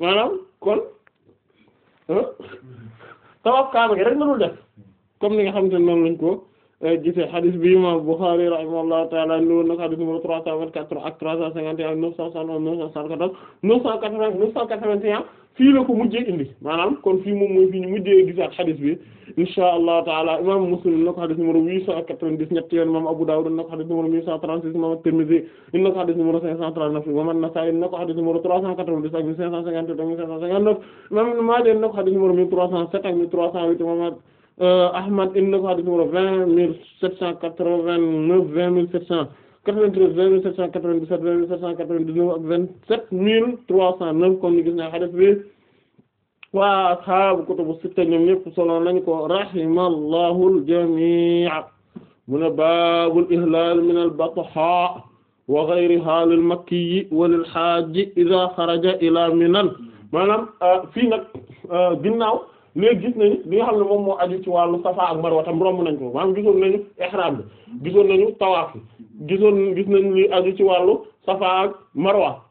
maanaam kon ah, tawaaf kaaba gi rek la dul def comme ni nga xamante ne noonu lañ ko eh, gisee xadis bi imam Bukhari rahimahullahu taala indi woon na ko xadis numéro trois cent vingt-quatre trois cent cinquante neuf cent soixante-neuf cent soixante-quatorze neuf cent quatre-vingts neuf cent fii la ko mujjee indi maanaam kon fii moom mooy fii ñu mujjee gisaat xadis bi insha allahu taala imam muslim na ko xadis numéro huit cent quatre-vingt-dix ñetti yoon abu dawud na ko xadis numéro mille cent trente-six imam at-tirmidhi in ko xadis numéro cinq cent trente-neuf imam an-nasa'i na ko xadis numéro trois cent quatre-vingt-dix ak mille cent cinquante-huit ak mille cent cinquante-neuf imam ibn majah na ko xadis numéro mille trois cent sept 93 2797 2799 ak 27309 comme ni gis na hadith bi waa ashaabu kutubu sitta ñoom ñëpp solo nañ ko rahimallahu al-jamii' mu ne baabul ihlaal min al-bathaa wa ghayrihaa lil-makkiyyi wa lil-haajji idhaa kharaja ilaa minan maanaam ah, fii nag ah, ginnaaw léegi gis nañu li nga xam ne moom moo aju ci wàllu safa ak marwa tam romb nañ ko maanaam gisoon nañu ihram bi gisoon nañu tawaaf bi gisoon gis nañ li aju ci wàllu safa ak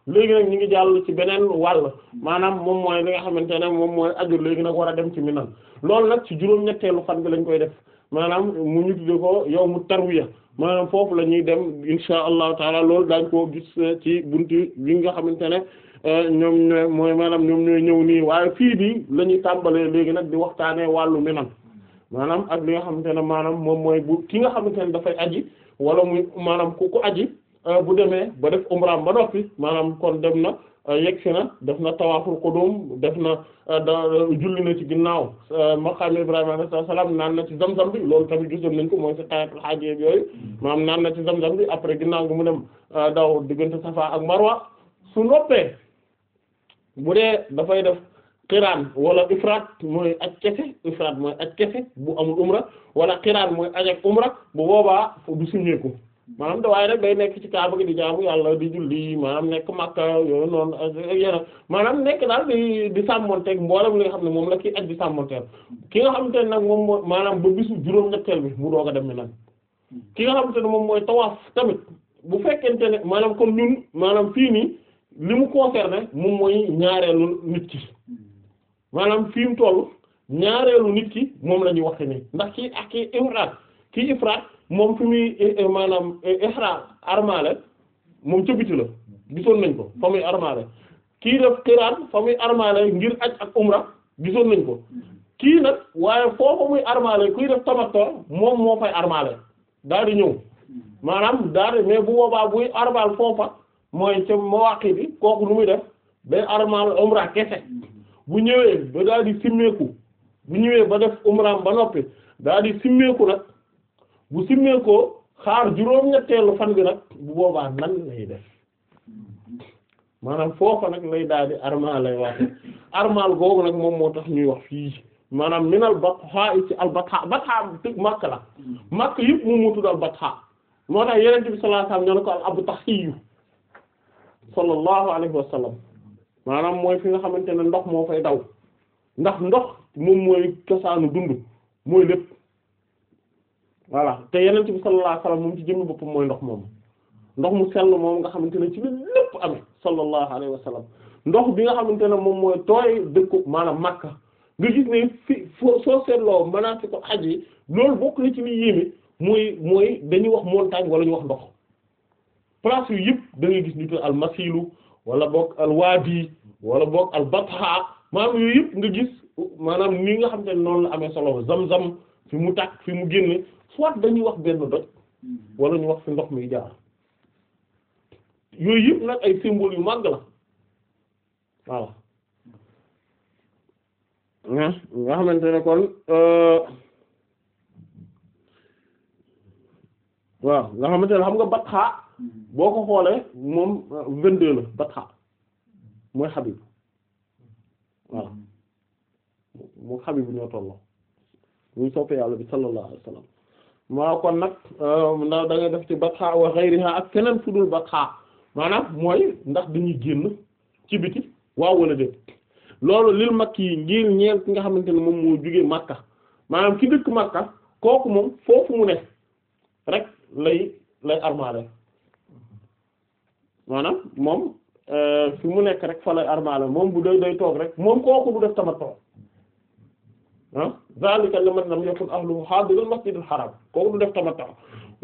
léegi nag ñu ngi jàll ci beneen wàll maanaam moom mooy li nga xamante ne moom mooy aju léegi nag war a dem ci Minan lool nag ci juróom-ñetteelu fan bi lañ koy def maanaam mu ñu tudde ko yow mu tarwiya maanaam foofu la ñuy dem insha allahu taala loolu daañ koo gis ci buntu bi nga xamante ne Euh, ñoom ñooy mooy maanaam ñoom ñooy ñëw nii waaye fii bi la ñuy tàmbalee léegi nag di waxtaanee wàllu menam maanaam ak li nga xamante ne maanaam moom mooy bu ki nga xamante ne dafay aji wala muy maanaam ku ku aji euh, bu demee ba def umraam ba noppi maanaam kon dem na euh, yegg si na def na tawaaful qudum def na da julli na ci ginnaaw maqaam Ibrahima alayhi salaam naan na ci zamzam bi loolu tamit gisoon nañ ko mooy sa taayatul xaaj yeeg yooyu maanaam naan na ci zamzam bi après ginnaaw gi mu dem daw diggante ak Marwa su noppee bu dee dafay def xiraan wala ifraat mooy aj kese ifraat mooy aj kese bu amul umra wala xiraan mooy aj ak umra bu boobaa du suñeeku maanaam da waaye rek day nekk ci kaaba gi di jaamu yàlla di julli maanaam nekk makka yooyu noonu yeneen maanaam nekk daal di di sàmmonteeg mboolem li nga xam ne moom la kii aj di sàmmonteel ki nga xamante ne nag moom mooy maanaam ba bisu juróom-ñetteel bi mu doog a dem mi nag ki nga xamante ne moom mooy tawaaf tamit bu fekkente ne maanaam comme ñun maanaam fii li mu concerné moom mooy ñaareelu nit ki maanaam fi mu toll ñaareelu nit ki moom lañuy wax ni ndax kii ak kii ifraat kii ifraat moom fi muy eh, eh, maanaam eh, ihram armale moom ca la gisoon nañ ko fa muy armale kii def xiraan fa muy armale ngir aj ak umra gisoon nañ ko kii nag waaye foofu muy armale kuy def tamattu moom moo fay armale daal di ñëw maanaam daal mais bu boobaa buy armal foofa mooy ca Mawaqi bi kooku nu muy def day armal umra kese bu ñëwee ba daal di simmeeku bu ñëwee ba def umraam ba noppi daal di simmeeku nag bu simmeekoo xaar juróom-ñetteelu fan bi nag bu boobaa nan lay def maanaam foofa nag lay daal di armal lay waxe armal googu nag moom moo tax ñuy wax fii maanaam minal batha ci al batha batha tëg Makka la Makka yëpp moom moo tudd al batha moo tax yeneen bi sallallahu alayhi wasallam ñoo ne sallallahu alayhi wa maanaam mooy fi nga xamante ne ndox moo fay daw ndax ndox moom mooy cosaanu dund mooy lépp voilà te yenent bi sallallahu alayhi wa sallam moom ci jëmmi boppam mooy ndox moom ndox mu sell moom nga xamante ne ci la lépp amee sallallahu alayhi wa ndox bi nga xamante ne moom mooy tooy dëkku maanaam Makka nga gis ne fi foo soo seetloo mënaat ko aji loolu bokk na ci liy yéeme mooy mooy dañuy wax montagne wala ñu wax ndox. place yu yëpp da gis ñu tudd almasilu wala boog alwaadi wala boog albatha maanaam yooyu yëpp nga gis maanaam ni nga xam te ne noonu la amee solo zam-zam fi mu tàkk fi mu génne soit dañuy wax benn doj wala ñu wax fi ndox mi jaar yooyu yëpp nag ay symbole yu màgg la waaw nga xamante ne kon euh, waaw nga xamante ne xam nga batha boo ko xoolee moom euh, vingt-deux la mooy xabib voilà moom xabib ñoo tolloo muy soppe yàlla bi sallallahu alayhi wasallam kon nag euh, ndax da ngay def ci batxa wa ghayriha ak keneen fu dul batxa maanaam mooy ndax ñuy génn ci biti waaw wala déet loolu lil makk yi ngir ñeent nga xamante ne moom moo jugee Makka maanaam ki dëkk Makka kooku moom foofu mu ne rek lay lay armaale maanaam moom euh, fi mu nekk rek fa lay armaale moom bu doy day toog rek moom kooku du def tamattu ah zalika liman lam yakun ahluhu haadirul masjidil haram kooku def tamattu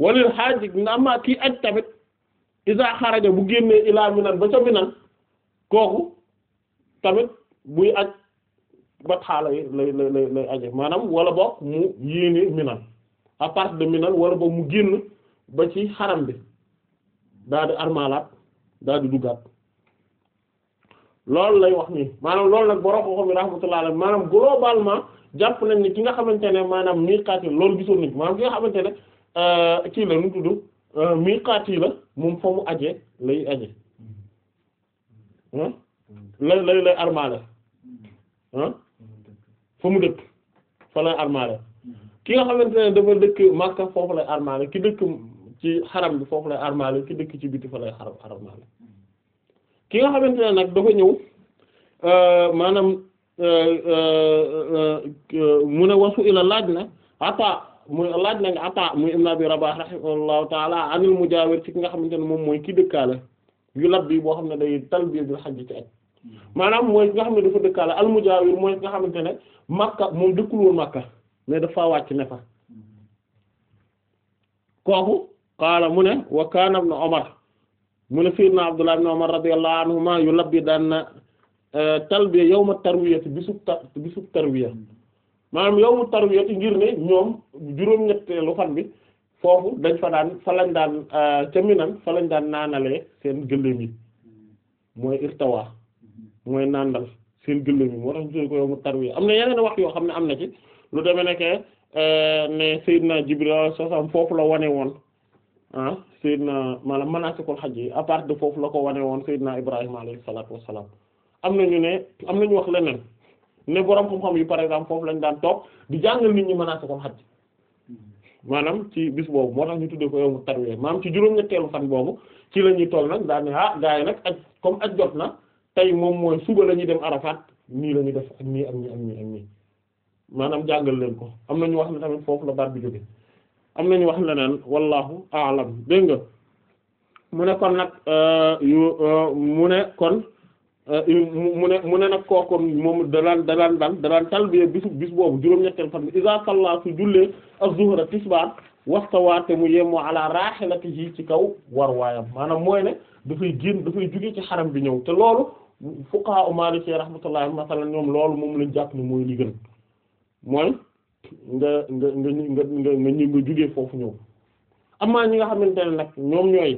walil haaji amma kii aj tamit isa xaraja bu génnee ilaa minan ba ca minan kooku tamit buy aj ba xaala lay lay aje maanaam wala boog mu yéene minan à partir de minan wala boog mu génn ba ci xaram bi daal di armaalaat daal di duggaat loolu lay wax nii maanaam loolu nag borom koo xam ne rahmatullah alayhi maanaam globalement jàpp nañ ne ki nga xamante ne maanaam miiqaat yi loolu gisoon nañ maanaam ki nga xamante ne euh, kii la nu tudd euh, miiqaat yi la moom fa mu aje lay aje lay lay lay armaale fa mu dëkk fa lay armaale ki nga xamante ne dafa dëkk Makka foofu lay armaale ki dëkk ci xaram bi foofu lay armaale ki dëkk ci biti fa lay xaram armaale ki nga xamante ne nag dafa ñëw euh, maanaam euh, euh, mu ne wasu illa laaj na ataa mu laaj na nga ataa muy ibn abi rabah rahimahullahu taala anil mujaawir ci ki nga xamante ne moom mooy ki dëkkaale yu lab bi boo xam ne day talbiyatul hajj ci aj maanaam mooy ki nga xam ne dafa dëkkaale al mujaawir mooy ki nga xamante ne makka moom dëkkul woon makka mais dafa wàcc ne fa kooku qaala mu ne wa kaana ibn Umar mu ne sayyidna Abdullah ibn Umar radiyallahu anhuma yulabbi daan na eh, talbiya yawma tarwiyati bisub ta bisub tarwiya maanaam yawmu tarwiyati ngir ne ñoom juróom-ñetteelu fan bi foofu dañ fa daan fa lañ daan eh, ca Minan fa lañ daan naanalee seen gëléem yi mooy irtawa mooy naandal seen gëléem yi moo tax ñu ko yawmu tarwiya am na yeneen wax yoo xam ne am na ci lu demee ne que eh, ne Seydina Jibril sallallahu la ah Seydina maanaam manaasikul xaj yi à part de foofu la ko wane woon Seydina Ibrahima alayhi salaatu wassalaam am na ñu ne am na ñu wax leneen ne borom xam-xam yi par exemple foofu lañu daan toog di jàngal nit ñi manaasikul xaj maanaam ci bis boobu moo tax ñu tuddee ko yowmu tarwiya maanaam ci juróom-ñetteelu fan boobu ci la ñuy toll nag daan ne ah gaa yi nag ak comme aj jot na tey moom mooy suba lañuy dem Arafat nii la ñuy def ak nii ak nii maanaam jàngal leen ko am na ñu wax ne tamit foofu la baat bi jógee. am nañu wax leneen wallahu aalam dégg nga mu ne kon nag euh, yu euh, mu ne kon euh, mu ne mu ne nag kooku moom danaan danaan daan danaan talbiya bisu bis boobu juróom-ñetteel fan bi isa salla su jullee az-zuhra tisbaar wastawaate mu yemoo ala rahilatihi ci kaw war waayam maanaam mooy ne dafay génn dafay jóge ci xaram bi ñëw te loolu fuqaha u Maliki rahmatullahi masalan ñoom loolu moom lañ jàpp ni mooy li mooy nga nga nga nga nga nga jugee foofu ñëw amaa ñi nga xamante ne nag ñoom ñooy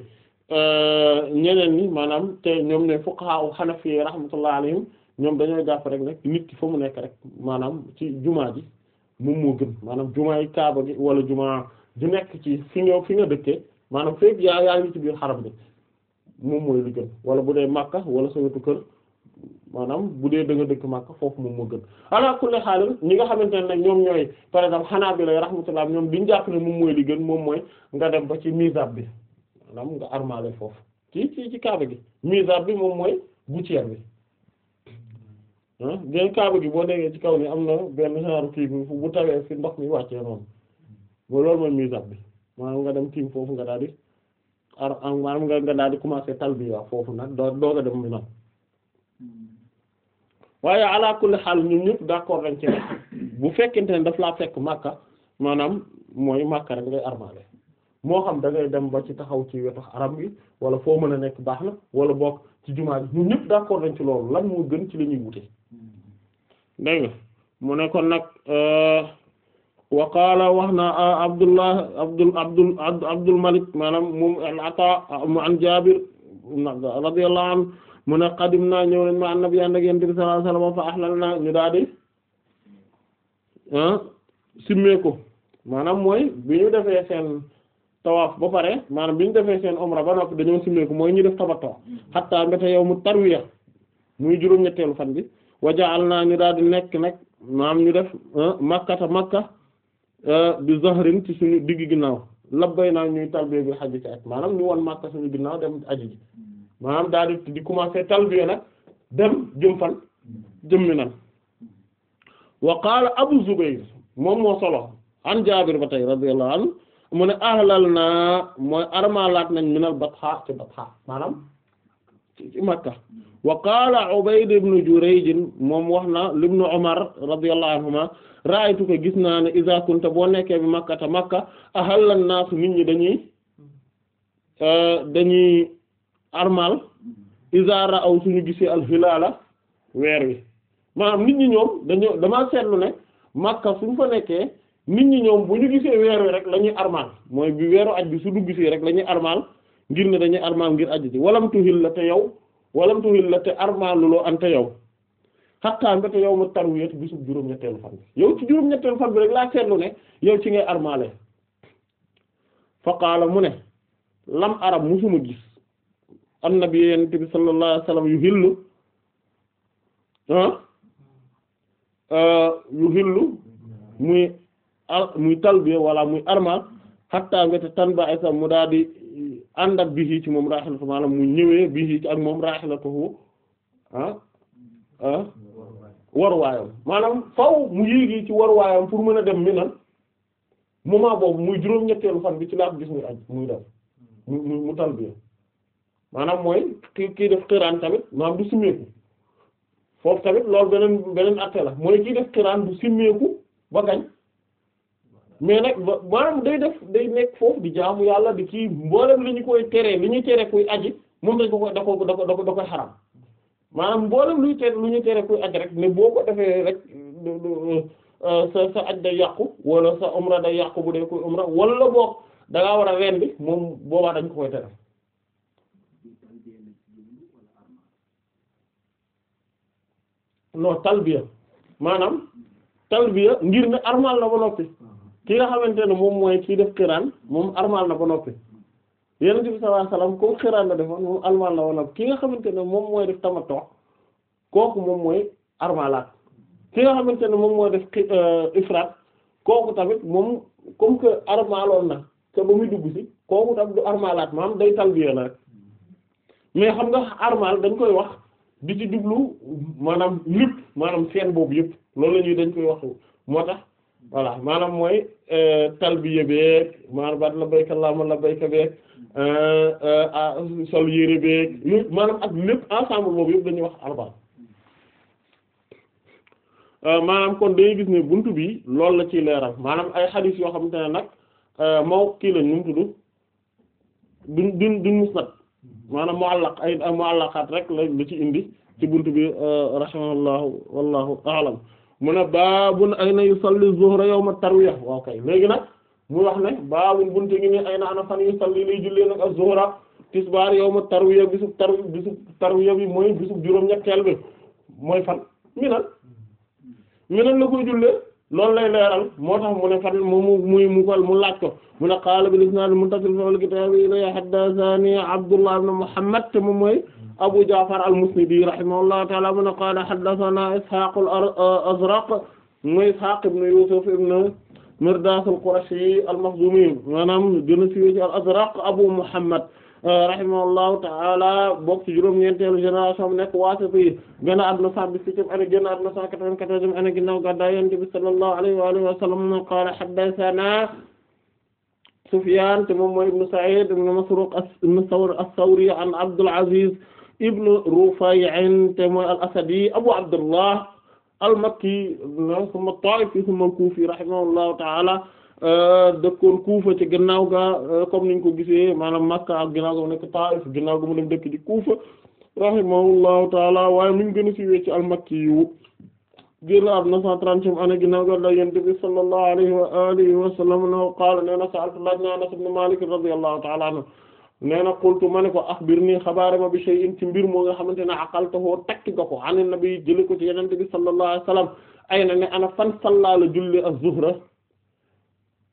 euh, ñeneen ñi maanaam te ñoom ñooy fuqaha hanafi rahmatullah alayhim ñoom dañoo jàpp rek nag nit ki fa mu nekk rek maanaam ci jumaa ji moom moo gën maanaam jumaa yi kaaba gi wala jumaa ju nekk ci fi nga fi nga dëkkee maanaam fépp yaa yaa ngi biir xaram bi moom mooy lu gën wala bu dee Makka wala sa wetu kër. maanaam bu dee da nga dëkk Makka foofu moom moo gën ala kulli xaalis ñi nga xamante ne nag ñoom ñooy par exemple Hanaabila rahmatullah ñoom biñu jàpp ne moom mooy li gën moom mooy nga dem ba ci mizab bi maanaam nga armale foofu ci ci ci kaaba gi mizab bi moom mooy gouttière bi ah bien gi boo déggee ci kaw ni am na benn genre kii bi bu tawee fi ndox mi wàccee noonu ba loolu mooy mizab bi maanaam nga dem tiim foofu nga daal di ar maanaam nga nga daal di commencer talbiya foofu nag doo doo nga dem mi waaye ala kulli xaal ñun ñëpp d'accord ci ne bu fekkente ne daf laa fekk Makka maanaam mooy Makka rek ngay armaale moo xam da dem ba ci taxaw ci wetu arab bi wala foo mën a nekk baax na wala bokk ci jumaa bi ñun ñëpp d'accord dañ ci loolu lan moo gën ci la ñuy wute mu ne nag euh, waqaala wax na euh, abdullah abdul abdul abdul malik maanaam moom an ata an jabir mu ne qadim naa ñëw nañ ma annabi ànd ak yonent bi sallallahu alayhi wasallam fa ahlal naa ñu daal di ah, maanaam mooy bi ñu defee seen tawaaf ba pare maanaam bi ñu defee seen umra ba noppi dañoo simmee mooy ñu def tabatoo xattaa mbéte yow mu tarwiya muy juróom-ñetteelu fan bi wajaal naa ñu daal di nekk nag maanaam ñu def ah, makkata makka ah, bi zahrin ci suñu diggi ginnaaw labbay naa ñuy talbiya bi xaj ci ak maanaam ñu won makka suñu ginnaaw dem aji ji maanaam daal di di commencer talbiya nag dem jëm fan jëm wa qaala Abu Zubayr moom moo an Jaabir ba tey radiyallahu anhu mu ne ahlal naa mooy nañ minal Batha ci Batha maanaam Makka wa qaala Ubayd ibn Jurayj moom wax na ibn Umar radiyallahu anhuma raaytu ko gis naa ne iza boo nekkee bi Makka te Makka ahalan naas nit ñi euh, armal iza ra'aw suñu gisee la weer wi maanaam nit ñi ñoom dañoo damaa seetlu ne Makka suñ fa nekkee nit ñi ñoom bu ñu gisee weer wi rek lañuy ñuy armal mooy bi weeru aj bi su dugg si rek la ñuy armal ngir ne dañuy armal ngir aj bi walam tuhil la yow walam tuhil yow xattaa yow ma tarwiyat bisub juróom-ñetteelu fan bi yow ci juróom-ñetteelu fan bi rek laa seetlu ne yow ci ngay armale faqaala mu ne lam arab musuma gis annabi yonent bi sallallahu alayhi yu hillu ah, ah yu hillu muy muy talbiya wala muy armal hatta mbéta tan sax mu daal ànd ak bihi ci moom rahilatu maanaam mu ñëwee bihi ci ak moom rahilatu ah ah maanaam faw mu yéegi ci waruwaayam pour mën a dem Mina moment boobu muy juróom-ñetteelu fan bi ci laat gis muy aj muy def mu mu talbiya maanaam mooy ki kii def xiraan tamit maanaam du simmeeku foofu tamit loolu beneen beneen la mooy kii def xiraan du simmeeku ba gañ mais nag maanaam day def day nekk di jaamu yàlla di kii mboolem li ñu koy teree li ñuy teree kuy aji moom dañ ko koy ko da ko da koy maanaam mboolem luy tere lu ñu tere kuy aji rek ne boo ko defee rek euh, sa sa aj day yàqu wala sa umra day yàqu bu dee kuy umra wala boog da ngaa war a rendi moom boobaa dañ ko koy tere non talbiya maanaam talbiya ngir ne armal na ba noppi ki nga xamante ne moom mooy kii def xiraan moom armal na ba noppi yonent bi sallallahu alayhi wasallam comme xiraan la defoon moom armal na ba noppi ki nga xamante ne moom mooy def tamattu kooku moom mooy armalaat ki nga xamante ne moom mooy def euh, ifraat kooku tamit moom comme que armaloon na te ba muy dugg ci kooku tamit du armalaat maanaam day talbiya na rek mais xam nga armal dañ koy wax di ci jublu maanaam lépp maanaam seen boobu yëpp loolu la dañ koy wax moo tax voilà maanaam mooy euh, talbiya beeg maanaam baat labbayka allahumma labbayka beeg euh, euh, sol yére beeg maanaam ak lépp ensemble boobu yëpp dañuy wax arbaa maanaam kon day gis ne buntu bi loolu la ciy leeral maanaam ay xadiis yoo xamante ne nag moo kii la ñu mu duñ duñ duñ musnad maanaam mu'allaq ay mu'allaqaat rek la ci indi ci buntu bi euh, rahimahullahu wallahu a'lam mu ne baabun ayna yusalli zuhra a tarwiya waaw kay léegi nag mu wax ne baabun buntu gi ni ayna ana fan yusalli lay jullee nag a zuhra tisbaar yawma tarwiya bisub tarwi bisub tarwiya bi mooy bisub juróom-ñetteel bi mooy fan mi nan mi nan la koy loolu lay leeral moo tax mu ne fan mu mu muy mu mu laaj ko mu ne qaala bil isnaad muttasil fil kitaab ilaa haddathani Abdullah ibn Muhammad te moom mooy Abu Ja'far al-Musnidi rahimahullahu ta'ala mu ne qaala haddathana Ishaq al-Azraq muy Ishaq ibn Yusuf ibn Mirdas al-Qurashi al-Makhzumi maanaam gën a siiw ci al-Azraq Abu Muhammad rahimahullahu ta'ala bokk ci juróom-ñeenteelu génération bi nekk waasita yi génn àdduna cent dix-septième année génn àdduna cent quatre-vingt-quatorzième année ginnaaw gàddaay Yonent bi sallallahu alayhi wa alihi wa sallam qaala haddathana Sufyaan te moom mooy ibnu Sa'iid ibnu Masruuq ibnu Sawr as-Sawri an Abdul Aziz ibnu Rufay'in te mooy al-Asadi Abu Abdullah al-Makki thumma at-Taa'ifi thumma al-Kuufi rahimahullahu ta'ala Euh, dëkkoon Kuufa ci gannaaw ga euh, comme niñ ko gisee maanaam Makka ak gannaaw ga mu nekk Taif gannaaw ga mu dem dëkk ji Kuufa rahimahullahu taala waaye mu ngi gën a siiwee ci al-Makki ab neuf cent trentième année ginnaaw ga la bi sallallahu alayhi wa alihi wa na qaala nee na sa'altu laaj naa Anas ibn Maalik radiyallahu taala anhu nee na qultu ma ne ko axbirnii xabaare ma bi shay'in ci mbir moo nga xamante ne aqaltahu takk nga ko an nabi jële ko ci Yonent bi sallallahu alayhi na la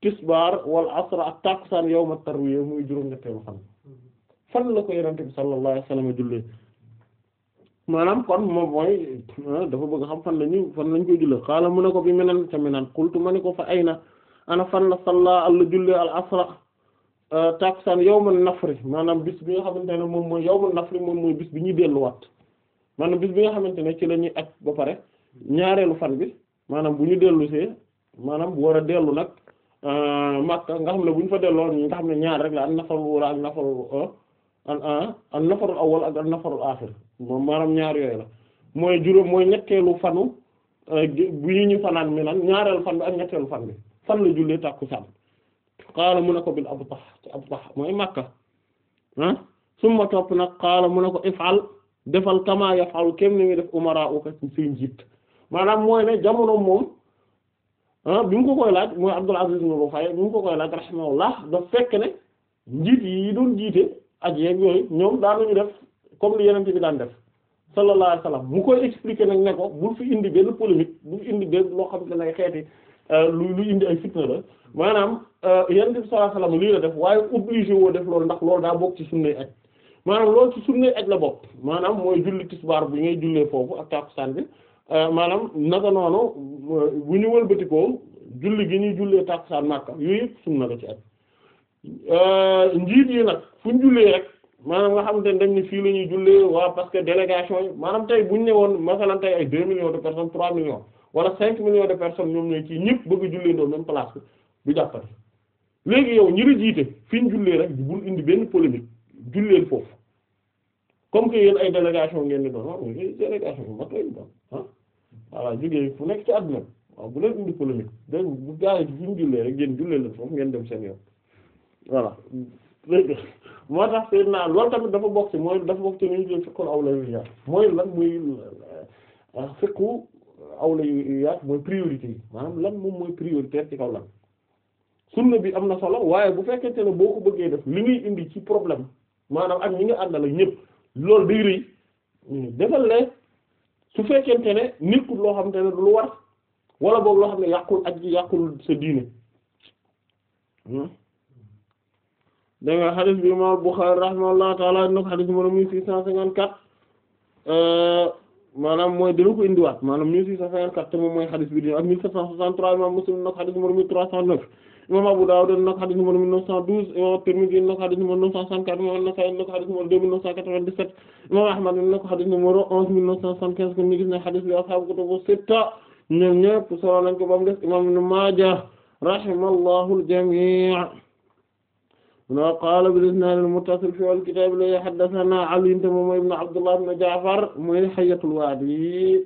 tisbaar wal asr ak takusaan yawma tarwiya muy juróom-ñetteelu fan fan la ko yonent bi sallallahu alayhi wasallam jullee maanaam kon moom mooy ah, dafa bëgg xam fan lañu fan lañ koy jullee xaala mu ne ko bi menan ca menan qultu ma ne ko fa ayna ana fan la salla alla jullee al asra ah, takusaan yawma nafri maanaam bis bi nga xamante ne moom mooy yawma nafri moom mooy bis bi ñuy delluwaat maanaam bis bi nga xamante ne ci la ñuy at ba pare ñaareelu fan bi maanaam bu ñu dellusee maanaam bu war a dellu Euh, Makka nga xam ne bu ñu fa delloo nga xam ne ñaar rek la euh, an nafarul wala ak nafarul an nafarul awwal ak ñaar yooyu la mooy juróom mooy ñetteelu fanu euh, bu ñu fanaan mi nan ñaareelu fan bi ak ñetteelu fan bi fan la jullee tàkkusaan xaala mu ne ko bil Abtah ci Abtah mooy Makka ah topp nag xaala mu ne ko ifal defal kama yafal kem ni muy def umara uka ci seen jiit maanaam mooy ne jamono moom. Ah bi mu ko koy laaj mooy Abdul Aziz ibn Rufay bi mu ko koy laaj rahimahullah daf fekk ne njiit yi doon jiite ak yeeg yooyu ñoom daanuñu def comme li yeneen bi daan def sallallahu alayhi wasallam mu koy expliquer nag ne ko bul fi indi benn polémique bul fi indi benn loo xam ne lay xeeti euh, lu lu indi ay fitna la maanaam euh, yeneen bi sallallahu alayhi wasallam lii la def waaye obligé woo def loolu ndax loolu daa bokk ci sunnay aj maanaam loolu ci sunnay aj la bokk maanaam mooy julli tisbaar bi ngay jullee foofu ak takusaan bi Euh, maanaam naka noonu euh, bu ñu wëlbatikoo julli gi ñuy jullee tàkkusaan Makka yooyu yëpp sunna la ci at euh, njiit yi nag fu ñu jullee rek maanaam nga xamante ne dañ ni fii la ñuy jullee waa parce que délégation yi maanaam tey bu ñu ne woon masalan tey ay deux millions de personnes trois millions wala cinq millions de personnes ñoom ñooy ci ñëpp bëgg jullee doo même place bi du léegi yow ñi la jiite fi ñu jullee rek bul indi benn polémique julleen foofu comme que yéen ay délégation ngeen di doon waaw délégation bi mag lañu doon ah. nekk ci àdduna waaw bu leen indi bu gaa yi bu ñu rek ngeen jullee leen foofu ngeen dem seen yoon voilà naa loolu tamit dafa bokk ci mooy dafa bokk ci li ñu jël mooy lan muy euh, euh, moom mooy prioritaire ci kaw bi am na solo waaye bu fekkente ne boo ko bëggee def li ngay indi ci problème maanaam ak ñi nga àndal ak ñëpp. loolu day rëy hmm. defal ne su fekkente ne nekkul loo xam te ne lu war wala boobu loo xam ne yàqul ak yàqul sa diine hmm. dégg nga xadis bi imam Bukhari rahimahullahu taala dina ko xadis numéro mille six cent cinquante quatre euh, maanaam mooy dina ko indiwaat maanaam mille six cent cinquante quatre te mooy xadis bi di mille sept cent soixante trois Muslim dina ko mille trois cent neuf imam Abu Dawud indi na ko xadis numéro 1912 imam Tirmidhi indi na ko xadis numéro 964 imam An-Nasa'i indi na ko xadis numéro 2997 imam Ahmad indi na ko xadis numéro 11975 kon ñu gis ne xadis bi ashaabu kutubu sitta ñoom ñépp solo nañ ko ba mu des imam Ibn Maaja rahimallahu al-jamii' wa qaala bil-isnaad al-muttasil fi al-kitaab li haddathanaa Ali moom mooy ibn Abdullah ibn Ja'far mooy Hayyatul Waadi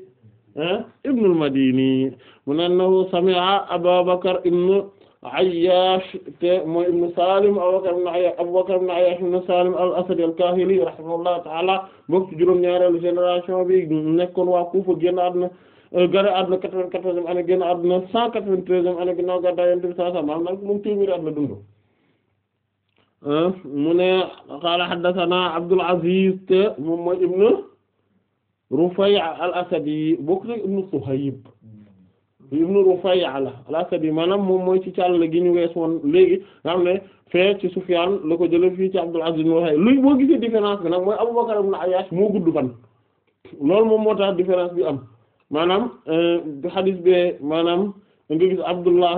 ah, ibn al-Madini mu ne annahu sami'a Abaa Bakr ibn Ayyaash te mooy ibnu Salim Abubakar ibn Ayyaash Abubakar ibn Ayyaash ibn Salim al-Asadi al-Kaahili rahimahullahu ta'ala bokk ci juróom-ñaareelu génération bi nekkoon waa Kufa génn àdduna euh, gane àdduna quatre-vingt-quatorzième année génn àdduna cent quatre-vingt-treizième année ginnaaw gàddaay Yonent bi sallallahu alayhi wa sallam nag moom téeméeri at la dund euh, mu ne qaala haddasanaa Abdul Aziz te moom mooy ibnu Rufay' al-Asadi bokk ci ibnu Suhayb ibnu Rufay'a la al-Asadi maanaam moom mooy ci càll gi ñu wees woon léegi nga xam ne fee ci Sufyaan la ko jëlee fii ci Abdul Aziz ibn luy boo gisee différence bi nag mooy Abu Bakr ibn Ayyash moo gudd fan loolu moom moo tax différence bi am maanaam hadith euh, bee maanaam nga gis Abdullah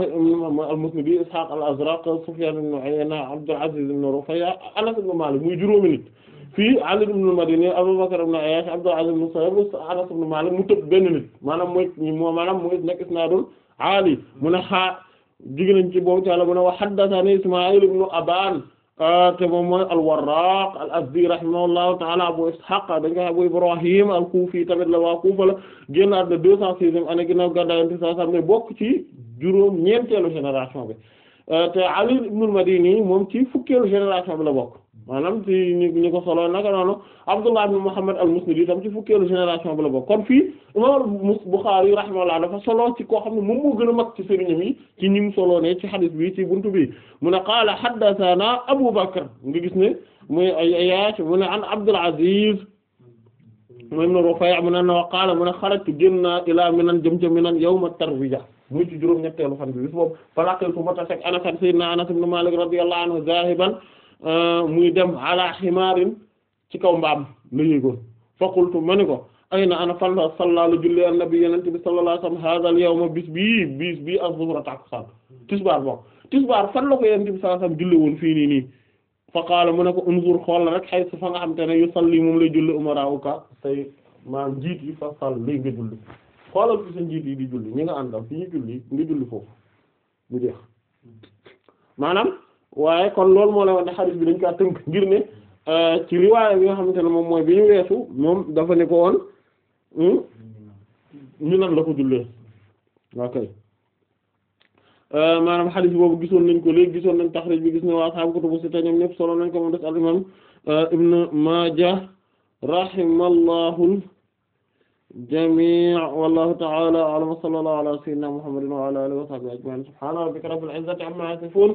al-Musnadi Ishaq al-Azraq Sufyaan ibn Uyayna Abdul Aziz ibn Rufay'a Anas ibn Maalik muy juróomi nit fii Ali ibn al-Madini Abu Bakr ibn Ayyash Abdul Aziz ibn Sayyid Anas ibn Malik mu tëb benn nit maanaam mooy moo maanaam mooy nekk isnaadul aali mu ne xaa jigéen nañ ci boobu taala mu ne wa haddathani Isma'il ibn Aban ah, te moom mooy al-Warraq al-Azdi rahimahullahu ta'ala Abu Ishaq dañ koy Abu Ibrahim al-Kufi tamit la waa Kufa la génn àdduna deux cent sixième année ginnaaw gàddaay Yonent sallallahu alayhi wasallam ne bokk ci juróom ñeenteelu génération bi ah, te Ali ibn al-Madini moom ci fukkeelu génération bi la bokk maanaam ci ñi ko solo naka noonu Abdullah ibn Muhammad al-Musnadi tam ci fukkeelu génération bi la bokk kon fii imam Bukhari rahimahullah dafa solo ci koo xam ne moo gën a mag ci sëriñam yi ci ni mu solo ne ci hadith bi ci buntu bi mu ne qaala haddathana Abu Bakr nga gis ne muy ay Ayyash mu ne an Abdul Aziz mu ibn Rufay' mu ne wa qaala mu ne xarajtu génn naa ilaa Minan jëm ca Minan yawma tarwiya muy ci juróom-ñetteelu fan bi bis boobu fa laqil su ma tase ak Anas sayyidina Anas ibn Malik radiyallahu anhu zahiban Euh, muy dem ala ximaarin ci kaw mbaam la yéegoon fa qultu ma ni ko ay na ana fan la sallaalu julli an nabi yenente bi sallallahu alayhi wasallam hadal yawma bis bii bis bii az-zuhra takusaan tisbaar bokk tisbaar fan la ko yenente julli woon fii nii nii fa qaala mu ne ko unzur xool la rek xay su fa nga xam te ne yu salli moom lay julli umaraawuka say maam njiit yi fa sall léegi nga julli xoolal fi sa njiit yi di julli ñi nga àndal fi ñu julli nga julli foofu maanaam waaye kon loolu moo lay wax ne xadis bi dañ kaa tënk ngir euh, ci riwaaya bi nga xamante ne moom mooy bi ñu dafa ne ko woon hmm? ñu nan la ko jullee ok euh, maanaam xadis boobu gisoon nañ ko léegi gisoon nañ taxriij bi gis ne waa sahabu kutubu sitta ñoom ñëpp solo nañ ko moom des al imam euh, ibn Maaja rahimallahu jami' wallahu ta'ala a'lam wa sallallahu ala sayyidina Muhammadin wa ala alihi wa sahbihi ajma'in subhana rabbika rabbil